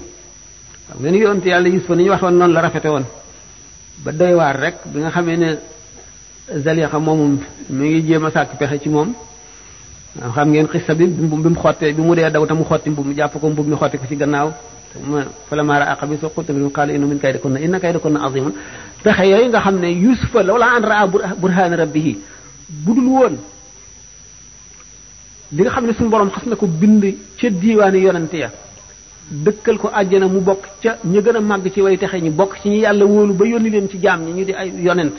xam nga ni yonte yàlla Yusufa ni ñu waxoon noonu la rafete woon ba doy waar rek bi nga xamee ne Zalixa moomu mu ngi jéem a sàkk pexe ci moom waaw xam ngeen xista bi bi mu xottee bi mu dee daw te mu xotti mbub mu jàpp ko mbub mi xotti ko ci gannaaw fa la maara aqa bi soo xutta mi qaala inna min kaydikunna inna kaydakunna azimun pexe yooyu nga xam ne yusufa lawla an raa burhaan bu dul woon li nga xam ne suñu borom xas na ko bind ca diiwaani yonante ya dëkkal ko àjjana mu bokk ca ñu gën a màgg ci way texe ñi bokk ci ñu yàlla wóolu ba yónni leen ci jaam ñi ñu di ay yonent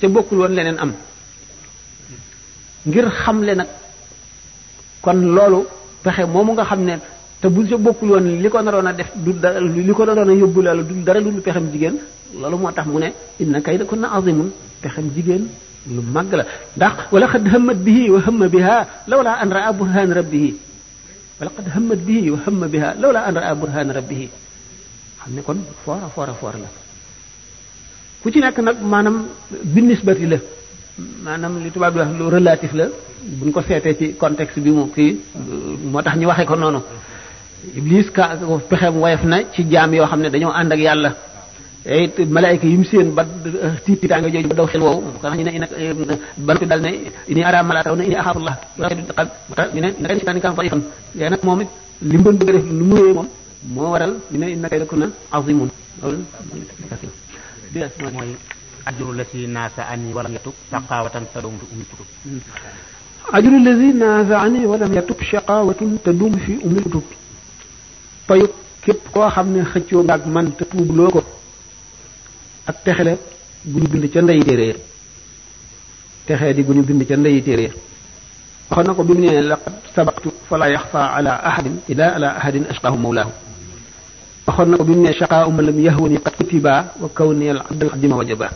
ca bokkul woon leneen am ngir xamle nag kon loolu pexe moo mu nga xam ne te bu ñu bokkul woon li ko naroon a def du dara li ko naroon a yóbbu loolu du dara lu pexem jigéen loolu moo tax mu ne inna na azimun pexem jigéen lu màgg la ndax wala xad hammat bihi wa hamma biha lawla an raa burhan rabbihi wala xad hammat bihi wa hamma biha lawla an raa burhan rabbihi xam ne kon foora foora foora la ku ci nekk nag maanaam bi nisbati la maanaam li tubaab di wax lu relatif la bu buñ ko seetee ci context bi mu kii moo tax ñu waxee ko noonu iblis ka pexem woyof na ci jaam yoo xam ne dañoo ànd ak yàlla it malaayka yi mu seen ba tiitaanga ba daw xel woowu kana ñu ne ina banti dal ne ini ara malaataw ne ini axaafullah ñu ne naka sitaani kam farifan yaay nag moom it lim mu doon def nu mu réyee moom moo waral ñu ne naka rek na azimun loolu mooy ajru lati naasa ani walam yatub shaqawatan tadum fi umil kutub ajru lati naasa koo xam ne xëccoo nga ak man te tuubloo ko ak texe la gu ñu bind ca ndeyi téere texe di gu ñu ca ndeyi téere waxoon na ko bi mu nee laqad sabaqtu fala yaxfa ala ahadin ila ala ahadin ashqahu mawlaahu waxoon na ko bi mu nee shaqaa uma lam yahwani qad kutiba wa kawni al abdal wajaba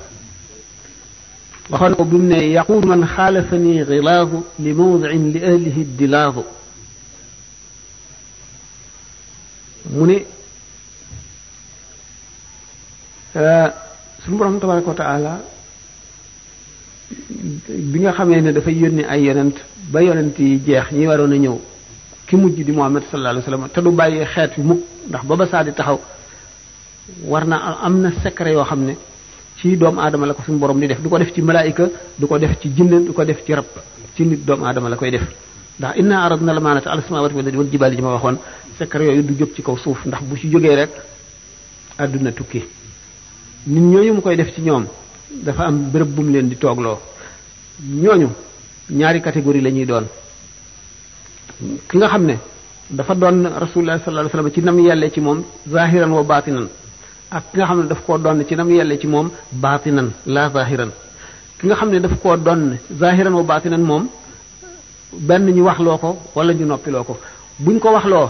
waxoon ko bi mu ne yaqul man xaalafani xilaadu li mawdicin li ahlihi dilaadu mu ne euh, suñu borom tabaraka wa taala bi nga xamee ne dafay yónni ay yonent ba yonent yi jeex ñi waroon a ñëw ki mujj di Muhammad sallallahu sa wasallam te du bàyyi xeet yu mukk ndax ba ba saa taxaw war na am na secret yoo xam ne ci doomu aadama la ko suñu borom di def du ko def ci malaayika du ko def ci jinne du ko def ci rab ci nit doomu aadama la koy def ndax inna aradna na la samawati wal ardi wal jibaali ji ma waxoon secret yooyu du jóg kaw suuf ndax bu ci jógee rek tukki nit ñooñu mu koy def ci ñoom dafa am béréb bu leen di toog loo ñooñu ñaari catégorie la ñuy doon ki nga xam ne dafa doon rasulullah sallallahu alayhi wasallam ci nam yàlle ci moom zahiran wa baatinan ak ki nga xam ne daf koo donn ci nam yelle ci moom baatinan la zahiran ki nga xam ne daf koo donn zahiran wa baatinan moom benn ñu wax loo ko wala ñu noppiloo ko buñ ko wax loo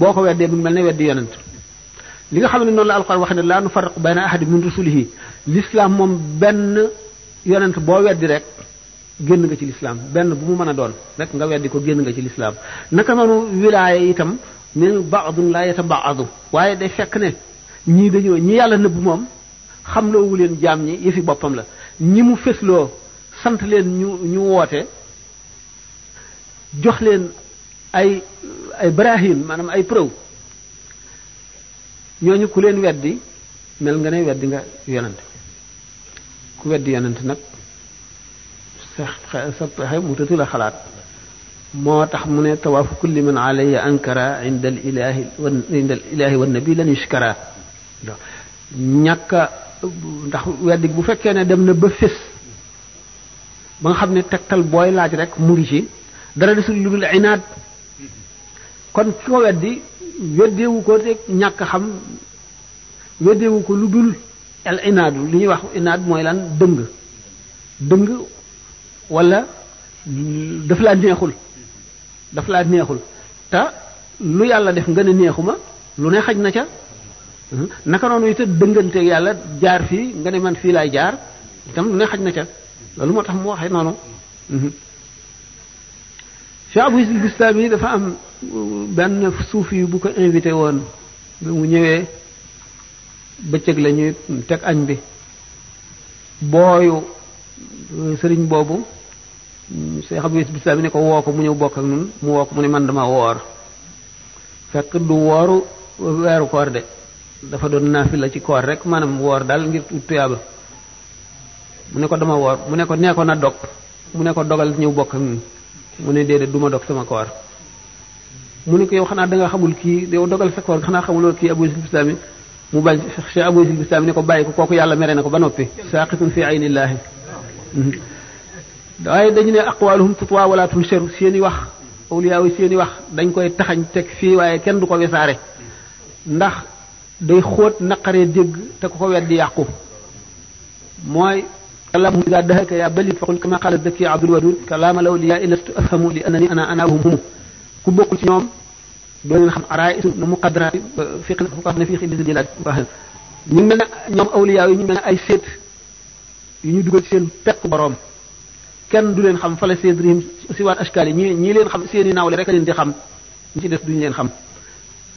boo ko weddee bu mel ne weddi yonent li nga xam ne noonu la alquran wax ne laa nu farriqu bayna ahadi min rusulihi l'islam moom benn yonent boo weddi rek génn nga ci lislaam benn bu mu mën a doon rek nga weddi ko génn nga ci lislaam naka noonu wilaaya itam min badun la yatabaadu waaye day fekk ne ñii dañoo ñi yàlla nëbb moom xam loowu leen jaam ñi yëfi boppam la ñi mu fésloo sant leen ñu ñu woote jox leen ay ay brahim maanaam ay preuve ñooñu ku leen weddi mel nga ne weddi nga yonent ku weddi yonent nag sa sa pexe mu tëtu la xalaat moo tax mu ne tawaafu kulli man alayya ankara inda al ilahi ndax weddi bu fekkee ne dem na ba ba xam ne tegtal booy laaj rek mu ci dara desul lu dul inaad kon ki ko weddi ko ñàkk xam weddeewu ko lu dul al inaadu li ñuy wax inaad mooy lan dëng dëng wala daf laa neexul daf laa neexul te lu yàlla def nga ne neexu ma lu ne xaj na ca hmm? naka noonu itam dëngante yàlla jaar fii nga ne man fii laay jaar itam lu ne xaj na ca lu moo tax mu waxee noonu hmm? Cheikh Abou Yazid yi dafa am uh, benn suufi bu ko invité woon bi mu ñëwee bëccëg la ñuy teg añ bi booyu uh, sëriñ boobu Cheikh Abdou Aziz Bistami ne ko woo ko mu ñëw bokk ak ñun mu woo ko mu ne man dama woor fekk du wooru weeru koor de dafa doon la ci koor rek maanaam woor daal ngir ut tuyaaba mu ne ko dama woor mu ne ko nee ko na dog mu ne ko dogal ñëw bokk ak ñun mu ne déedéet du ma dog sama koor mu ne ko yow xanaa da nga xamul kii yow dogal sa koor xanaa xamuloo kii Abdou Aziz Bistami mu bañ Cheikh Abdou Aziz Bistami ne ko bàyyi ko kooku yàlla mere na ko ba noppi saa xisun fi aynillaahi waaye dañu ne aqwaaluhum tutwa wala tunsaru seeni wax awliyaa yi seeni wax dañ koy taxañ teg fii waaye kenn du ko wesaare ndax day xóot naqaree dégg te ku ko weddi yàqu mooy kalaamahum idaa dahaka yaa balid faqul kama qaala zaki abdul wadud kalaamal awliyaa ilastu afhamu li annani ana anaahum humu ku bokkul ci ñoom doo leen xam araay su na muqaddaraati fiq na fuqaha na fiq indi ñu mel ñoom awliyaa yi ñu mel ne ay seet yu ñu dugal ci seen pekk boroom kenn du leen xam fala sedrihim siwaan ashkaali ñi ñii leen xam seeni naawle rek leen di xam ñi ci des duñu leen xam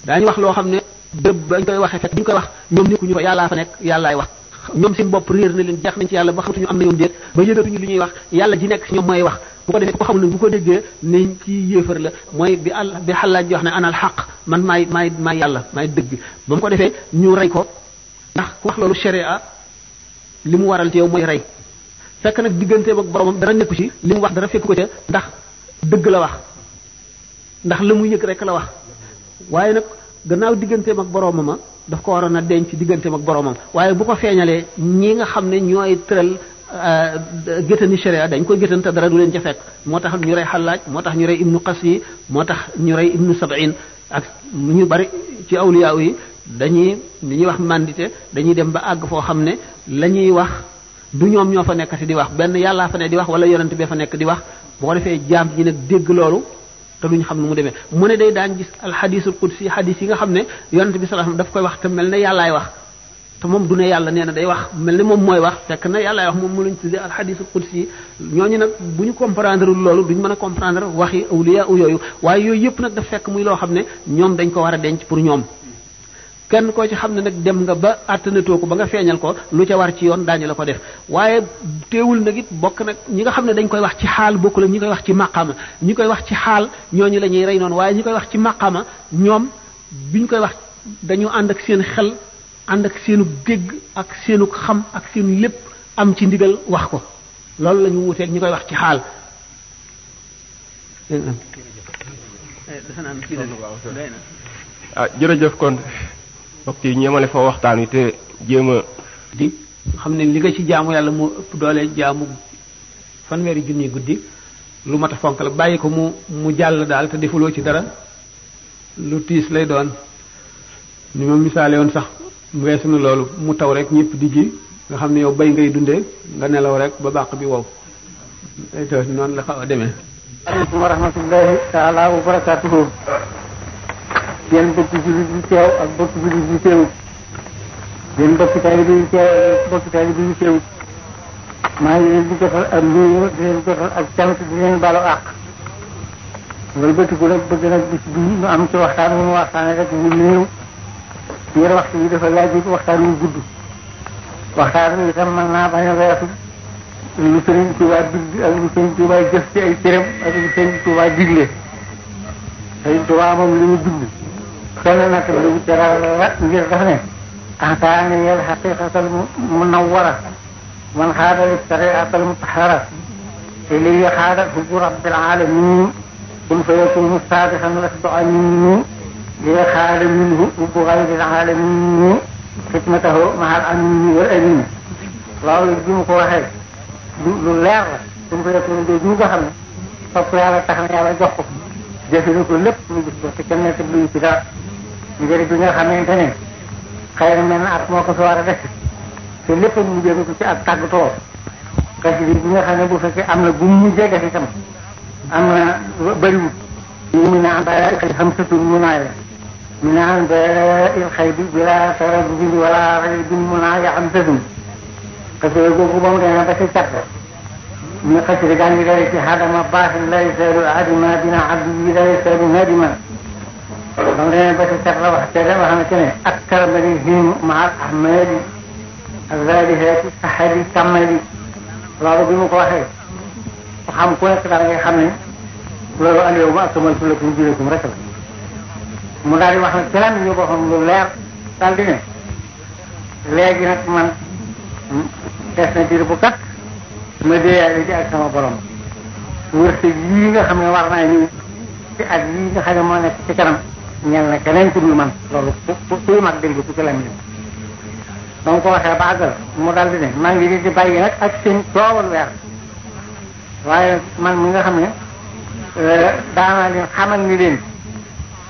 daañu wax loo xam ne béréb bañ koy waxee fekk ñu koy wax ñoom nekkuñu fa yàllaa fa nekk yàllaay wax ñoom seen bopp réer leen jeex nañ ci yàlla ba am na ñoom déet ba yëgatuñu li ñuy wax yàlla ji nekk ñoom mooy wax bu ko defee ko xamul bu ko déggee nañ ci yéefar la mooy bi àll bi xalaat ji wax ne anal xaq man maay maay maay yàlla maay dëgg ba mu ko defee ñu rey ko ndax wax loolu sharia li mu waral ci yow mooy rey fekk nag diggante ak boromam dara nekku ci li mu wax dara fekk ko ca ndax dëgg la wax ndax la mu yëg rekk la wax waaye nag gannaaw digganteem ak boromam daf ko waroon a denc digganteem ak boroomam waaye bu ko feeñalee ñi nga xam ne ñooy tëral euh, géttani sharia dañ koy géttan te dara du leen ca fekk moo tax ñu rey xallaaj moo tax ñu rey ibnu qas yi moo tax ñu rey ibnu sabin ak ñu bari ci awliyaaw yi dañuy li ñuy wax mandité dañuy dem ba àgg foo xam ne la ñuy wax du ñoom ñoo fa nekkati di wax benn yàllaa fa ne di wax wala yonent bee fa nekk di wax bu ko defee jaam ñi nag dégg loolu te duñ xam nu mu demee mu ne day daan gis alxadisul qudsi xadis yi nga xam ne yonent bi sallallahu daf koy wax te mel ne yàllaay wax te moom du ne yàlla nee na day wax mel ne moom mooy wax fekk na yàllaay wax moom mu luñ tuddee alxadisul qudsi ñooñu nag bu ñu comprendre loolu duñ mën a comprendre waxi awliya yooyu waaye yooyu yëpp nag daf fekk muy loo xam ne ñoom dañ ko war a pour ñoom kenn koo ci xam ne nag dem nga ba àttanatoo ko ba nga feeñal ko lu ca war ci yoon daañu la ko def waaye teewul nag it bokk nag ñi nga xam ne dañ koy wax ci xaal bokkul ak ñi koy wax ci maqama ñi koy wax ci xaal ñooñu la ñuy rey waaye ñi koy wax ci maqama ñoom bi ñu koy wax ànd ak seen xel ànd ak seenu dégg ak seenu xam ak seenu lépp am ci ndigal wax ko loolu la ñu koy wax ci xaal ah jërëjëf kon mbokk yi ñeemale foo waxtaan wi te jéem a di xam ne li nga ci jaamu yàlla mu ëpp doole jaamu fanweeri junni guddi lu mat a fonk la bàyyi ko mu mu jàll daal te defuloo ci dara lu tiis lay doon ni ma misaale woon sax weesu na loolu mu taw rek ñëpp di ji nga xam ne yow bay ngay dundee nga nelaw rek ba bàq bi wow ay demee. seen mbokk jullit yu teew ak mbokk jullit yu teewut seen mbokk taalibe yu teew ak mbokk taalibe yu teewut maa ngi leen di defal ak nuyoo di leen defal ak cant di leen baalu àq loolu bëtt bu nag bëgg nag bis bii ñu am ci waxtaan wu ñu waxtaanee rek ñu néew yéen waxtu bi dafa laaj it waxtaan wu gudd waxtaan wi itam mën naa bañ a weesu lu Sëriñ Tuubaa digg ak lu Sëriñ Tuubaa jëf ci ay cëram ak lu Sëriñ Tuubaa digle Sëriñ Tuubaa moom li mu bind sooy natt lu wut dara ngir dafa ne ataani yal xaqiqatal munawwara man xaada li tariqatal mutahara te lii xaada hubbu rabbil alamin kun fa yakunu saadixan lasdu'a minni li xaada minhu hubbu ghayril alamin xidmatahu mahal amin wal amin loolu bi mu ko waxee lu leer la kun fa yakunu dee ñu nga xam ne topp yàlla tax na yàlla jox ko jëfee ko lépp mu gis ko te kenn nekk lu ci dara njëriñ bi nga xamante ne xëy na mel na at moo ko fi war a def te lépp ñu jëme ko ci ak tàggatoo xasida bi nga xam ne bu fekkee am na gum ñu jege itam am na bëriwut yi mu naan ba xëy xam sa la mu naan ba il xëy bi bi laa sara bi bind wala mu naa ya xam sa tur xasida googu ba mu adima ba mu demee ba si set la wax te dama xamante ne ak karabali himu maal ahmadi ak zaadi xeeti saxadi tàmmali loolu bi mu ko waxee ku xam ku nekk daal nga xam ne loolu aliyow ma akmaltu lakum diinakum rek la mu daal di wax nag ci lan ñu boppam lu leer daal di ne léegi nag man des na diir bu kat ma déeyaale ji ak sama borom wërsëg yii nga xam ne war naa ñëw ci at yii nga xam ne moo nekk ci kanam ñel na keneen ku dul man loolu ku kuy mag dégg ku ci lamiñam ba mu ko waxee ba àggal mu daldi ne maa ngi di di bàyyi nag ak seen toowal weer waaye man mi nga xam ne euh, daanaa leen xamal ni leen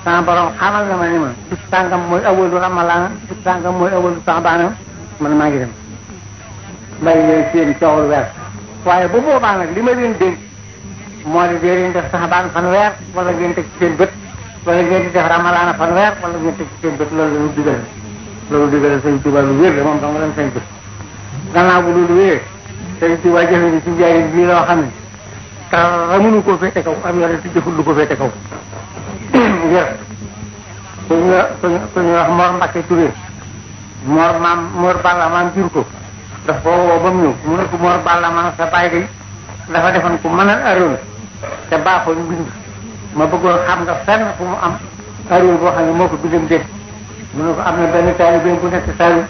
sama borom xamal na ma ni ma bis tàngam mooy awalu ramalaana bis tàngam mooy awalu sabaana man maa ngi dem bàyyi leen seen toowal weer waaye bu boobaa nag li ma leen dénk moo di dee leen def saxabaan fan weer wala ngeen teg ci seen bët booy leen di def ramalaana fanweer wala ñetti ci seen bët loolu la ñu digal loolu digal sëñ Tuubaa lu wér la moom dama leen sañ bët gannaaw bu loolu wéree sëñ Tuubaa jëfe ni ci njaay bii loo xam ne dara mënu ko féete kaw am yore te jëful lu ko féete kaw wér ku ñu ku ñu wax Mor Mbacke Touré Mor maam Mor Balla maam jur ko daf ko woo ba mu ñëw mu ne ko Mor Balla maam sa baay day dafa defoon ku mën a aroon te baaxoon bind ma bëggoon xam nga fenn fu mu am Arouna boo xam ne moo ko bindam dégg mu ne ko am na benn taalibe bu nekk Saalum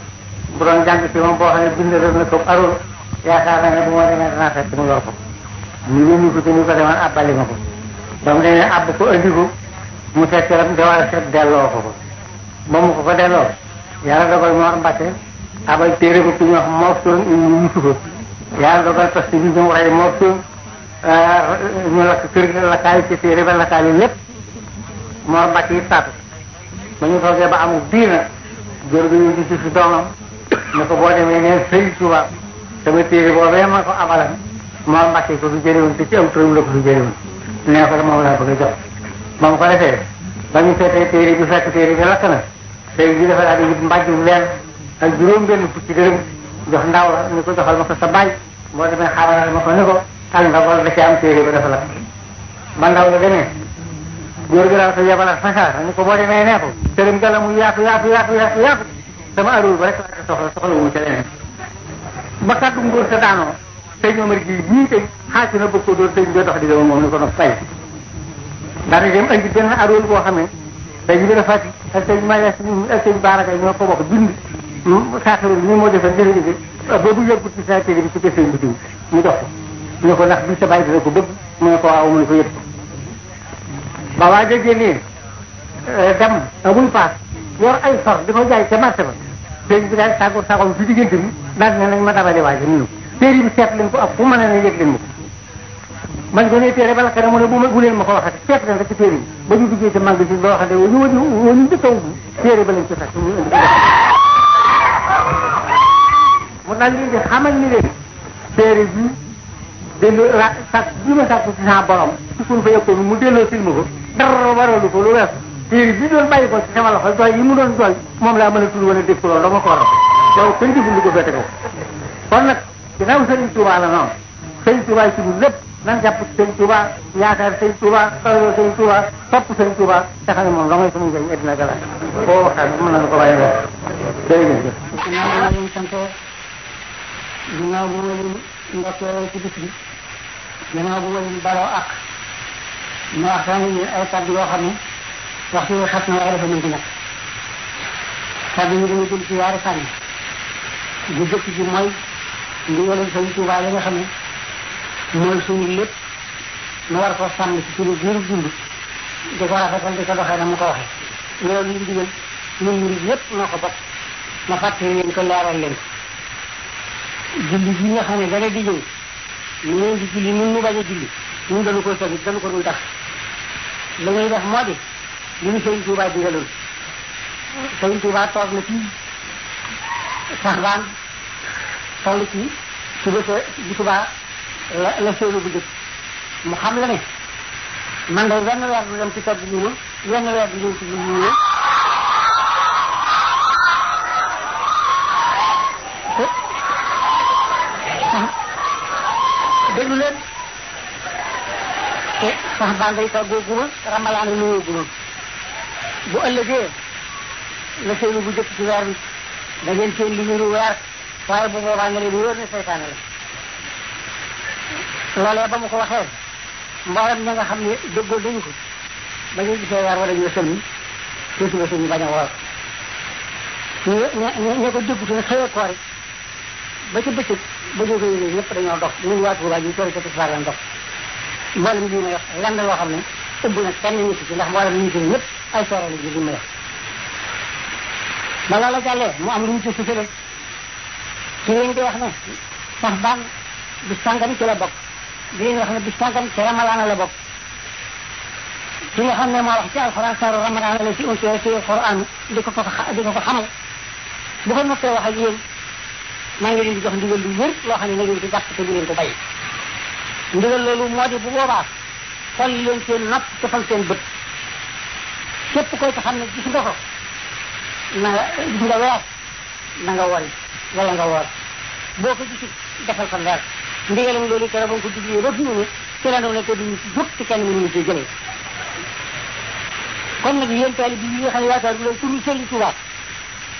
bu doon jàng ci moom boo xam ne bindaloon na ko Arouna yaakaar naa ne bu ma demee danaa fekk mu yor ko ñu yónni ko te ñu ko demoon abbali ba mu demee àbb ko andi ko mu fekk lam da war a fekk delloo ko ko ba mu ko dogal moo Mbàkke abal téere ku ñu wax Mor Sow ñu Yusufa yàlla dogal parce que ñu waxee Mor Sow ñu lakk kër gi lakkaale ci téere ba lakkaale lépp Mor Mbacke yi faatu ba ñu toogee ba amul diina góor gi ñu gis si doomam ne ko boo demee neen sëy Tuuba sama téere boobee ma ko abalan Mor Mbacke ko du jëriwoon te ci aw turam la ko du jëriwoon nee ko moom laa bëgg a jox ba mu ko defee ba ñu seetee téere bi fekk téere bi lakk na sëy bi dafa daal di yëpp mbàjjum leen ak juróom benn fukki dërëm jox ndaw la ni ko joxal ma ko sa baay boo demee xaaral ma ko ni ko tal nga ba da ci am téere ba dafa la ba ndaw la demee góor gi daal ko yebalal fasaar ñu ko boo na nee ko sëriñ gala mu yaatu yaatu yaatu yaatu yaatu sama arul ba rek laa ko soxla soxla wu ca leneen ba kàddu ngóor sa daanoo sëñ Omar gi ñii tey xaasi na bëgg ko doon sëñ bi dox di dama moom ni ko no fay daana dem ji benn arul boo xam ne sëñ bi dafa ak sëñ Mayas ak sëñ Baraka ñoo ko bokk bind saaxirul ni moo defoon jëfe-jëfe ba bu yóbbu ci saa téere bi ci kese bi ko mu ne ko ndax du sa bàyyi ko bëgg mu ne ko waaw mu ne ko yëpp ba waa ja génnee eh, dem amul paas yor ay sor di ko jaay ca marché ba bi daal tàggu tàggoom ci diggante bi ne nañ ma dabale waaja nunu téere yi seet leen ko ak fu mën ne yëg ma ko man ko ne téere bala kana mu ne bu ma bu leen ma ko waxati seet leen rek ci téere yi ba ñu duggee ci màgg ci loo xam ne wóñu wóñu wóñu bi téere ba lañ ci fekk ñu indi mu daal leen di xamal ni leen téere bi dellu ra sàkk bi ma sàkk ci sama borom su kun fa yëkkoon mu delloo silma ko dara waralu ko lu weesu téere bi doon bàyyi ko ci sama loxo doy yi mu doon doy moom laa mën a tudd wala ko loolu dama ko waral loolu kenn jëfandiku ko fete ko kon nag ginnaaw Sëriñ Touba la noonu Sëriñ Touba yi sunu lépp nan jàpp ci Sëriñ Touba yaakaar Sëriñ Touba xarala Sëriñ Touba topp Sëriñ Touba te xam ne moom dangay sama njëriñ addina gala boo waxtaan mën nañu ko bàyyi wax jërëjëf ginnaaw bu ma leen santoo ginnaaw bu ma leen ndokkee ci bis gannaaw bu wëñ baloo ak ma wax sama ñu ay kàddu yoo xam ne waxtu bi xas na waaye dafa mën di ñàkk kàddu yi dañu jëm ci yaari fànn bu jëkk ji mooy ndigalal Sëñ Tuubaa yi nga xam ne mooy suñu lépp nu war koo sàmm ci suñu biiru dund di ko rafetal di ko doxee na mu ko waxee loolu ñu digal ñun murid yépp noo ko bokk ma fàttali leen ko leeral leen julli ji nga xam ne dara di jël ñu leen di julli ñun ñu bañ a julli ñun dañu ko soog dañu ko dul tax la ñuy def moo di li ñu Sëriñ Tuubaa digaloon Sëriñ Tuubaa toog na ci saxbaan toll ci suba sa bu subaa la la séeru bu jëkk mu xam la ne man day wenn weer du dem ci kër gi ñu ne wenn weer du dem ci ñu ne sax baa ngay tàggoo guma ramalaana nuyoo guma bu ëllëgee la seenu bu jëkk ci weer bi da ngeen seen li niru weer waaye bu boobaa nga leen wóor ne seytaane la loolee ba mu ko waxee mboolem ña nga xam ne dëggoo dañu ko ba ñu gisee weer wala ñu sëlmi te a woor ñu ñu ko déggu tun xëyee koori ba ci bëccëg ba ko yëgee ñëpp dañoo dox ñu waat bu baax ñu coori ko tisbaar lan dox mboolem lii may wax lan la loo xam ne ëpp na kenn nit ci ndax mboolem li ñu tudd ñëpp la ji li lu ñu ci suufale ci lañ ne sax baan bis sàngam ci la bokk di leen wax ne bis sàngam ci ramalaana la bokk ci xam ne moo wax ci alxuraan saaru ramalaana la ci unsiya ci alxuraan di ko ko di ko ko xamal bu ko noppee wax ak yéen maa ngi di jox ndigal lu wér loo xam ne na ngeen di bàq te bu leen ndigal loolu moo di bu boobaa xolli leen seen nopp te fal seen bët képp koy ko xam ne gis nga na nga gis nga weer na nga wari wala boo ko gisul defal ko leer ndigalam loolu te rabon ko diglee ba fi mu ne ci la doon ne ko duñu ci jóg ci kenn mënuñu ci jëlee kon nag yéen taali bi yi nga xam ne yaakaar bu leen turu Sëriñ Tuubaa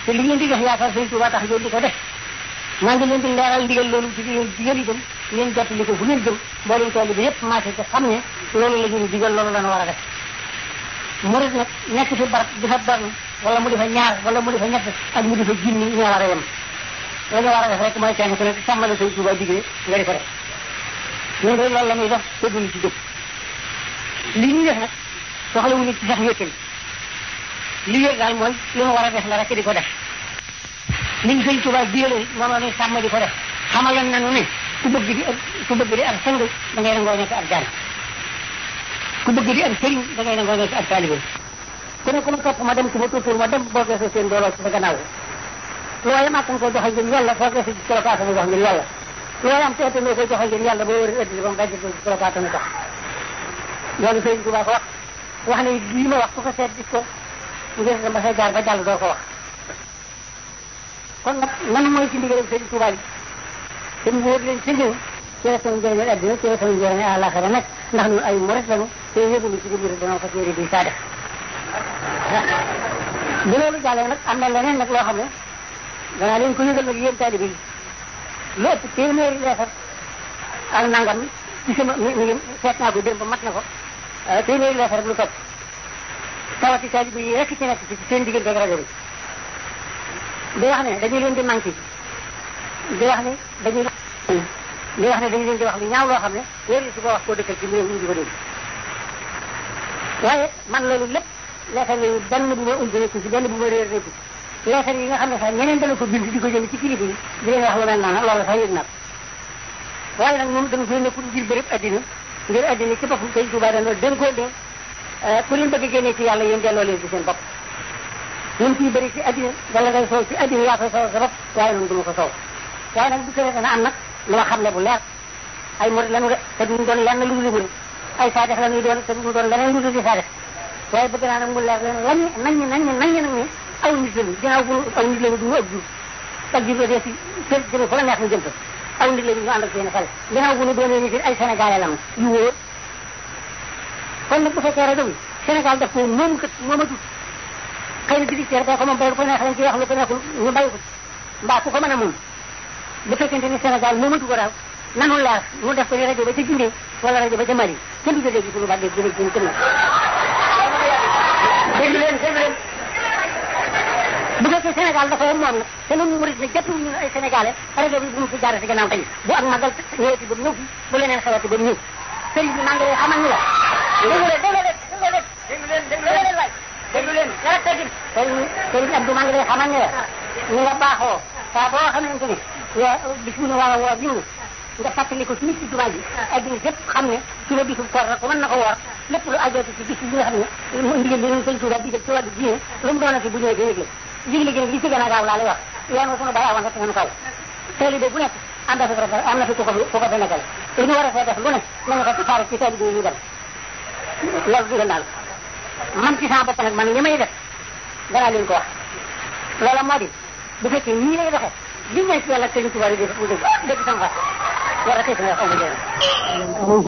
te li ngeen di def yaakaar Sëriñ Tuubaa tax ngeen di ko def maa ngi leen di leeral ndigal loolu ci biir digal itam ngeen jottali ko bu ngeen gëm mboolem tool bi yëpp marché ci xam ne loolu la ñu digal loolu la ñu war a def murit nag nekk fi barab di fa benn wala mu di fa ñaar wala mu di fa ñett ak mu di fa junni ñoo a yem la ñu war a def rek mooy kenn ku nekk sàmm la say Tuubaa digle nga di ko def ñun la muy def ci jóg li ñu def nag soxla wu ñu ci sax wéttal li yëg daal mooy li mu war a la rek di ko def niñ sëñ Tuubaa digle moom la ñuy sàmm di ko def xamaloon nañu ne ku bëgg di ak ku bëgg di ak sang da ngay nangoo nekk ab jaan ku bëgg di ak sëriñ da ngay nangoo nekk ab taalibe ku ne ko ma topp ma dem ku ma tuutul ma dem boo geesoo seen dooloo ci sa gannaaw looy màkk nga koy joxe ngir yàlla foo geesu ci colokaata mu jox yàlla looy am teete nga koy joxe ngir yàlla boo wër ëdd ba mu daj ci colokaata mu jox loolu sëriñ Tuubaa ko wax wax ne lii ma wax ku ko seet gis ko ngir sa mbasa jaar ba jàll doo ko wax kon nag nan mooy ci ndigalam sëriñ Tuubaa bi te mu wóor leen ci ñëw ci la sama njëriñu adduna ci la sama njëriñu àllaaxira nag ndax ñun ay murit lañu te yëgulu ci biir danoo fas yéene di saa def bu loolu jàllee nag am na leneen nag loo xam ne danaa leen ko yëgal nag yéen taalibe yi lu ëpp téeméeri leefar ak nangam ci sama mi ngi seet naa ko démb mat na ko téeméeri leefar ak lu topp tawati taalibe yi rekk ci nekk ci seen diggante ak rajo bi di wax ne dañu leen di manqué di wax ne dañuy wax di wax ne dañu leen di wax lu ñaaw loo xam ne yéen su wax koo dëkkal ci réew mi di ko dégg waaye man loolu lépp leetar yooyu benn bu ma umb nekku ci benn bu ma réer nekku ci leetar yi nga xam ne sax ñeneen dana ko bind ci kilifa yi di leen wax lu mel noonu naa ko waaye nag moom dañu koy nekkul ngir bërëb addina ngir addina ci boppam kay Tuubaa dañoo dénkoo de eh, ku leen bëgg génnee ci yàlla yéen delloo leen ci seen bopp ñun ciy bëri ci addina wala ngay soow ci addina yaa koy soow sa bopp waaye noonu du ko soow waaye nag bu sëwee dana am nag lu ma xam ne bu leer ay murid lañu de te duñu doon lenn lu dul murid ay saadex la ñuy doon te duñu doon leneen lu dul di saadex waaye bëgg naa nag mu leer leen lañ nañ nañ nañ nag ni aw nit lañu ginnaaw bu aw nit lañu duñu ak jur ak jur dee si kër jëme fa la neex mu jëm fa aw nit lañu ñu ànd ak seen xel ginnaaw bu ñu doonee nit ay sénégalais lañu yu wóor kon nag bu fekkee rajo bi Sénégal daf ko moom kat moomatu xëy na judiciaire boo ko moom ba ko neex lañ ci wax lu ko neexul ñu bàyyi ko mbaa ku ko mën a moom bu fekkente ni Sénégal moomatu ko daaw nanu laas mu def ko ni rajo ba ca Guinée wala rajo ba ca Mali kenn du ko dégg suñu baat dégg dégg suñu kër dégg leen dégg leen bu fekkee Sénégal dafa moom na te noonu ay sénégalais rajo bi bu mu fi jaaree si gannaaw tamit bu ak magal ñëwati ba ñëw fi bu leneen xewati ba ñëw sëriñ bi maa ngi lay xamal ñu la déglu leen dara teggin tey Serigne Abdou maa ngi lay xamal ne ni nga baaxoo saa boo xamante ni waa bis bu ñu war a woor ñu nga fàttali ko ci jumaa xam ne ci la bisu koor rek mën na ko woor lépp lu ajootu ci bis bi nga xam ne mu ndigal leneen sëñ Tuuba digal ci wàllu diine lu bu ñëwee dina jël yëgle gi nag li ci gën a gaaw laa lay wax yoon wa sunu bàyyi awoon rek sunu taalibe bu nekk am na fi am na fi ku ko ku ko fi nekkal li ñu war a fee def lu ne nañu ko tasaare ci taalibe yi ñu dem loolu digal naa man ci sama bopp nag man li may def danaa leen ko wax loola moo di bu fekkee nii lay doxee di ñaan ci yàlla sëñ Tuubaa di def bu dëgg dëgg sama war a tey sama wax amul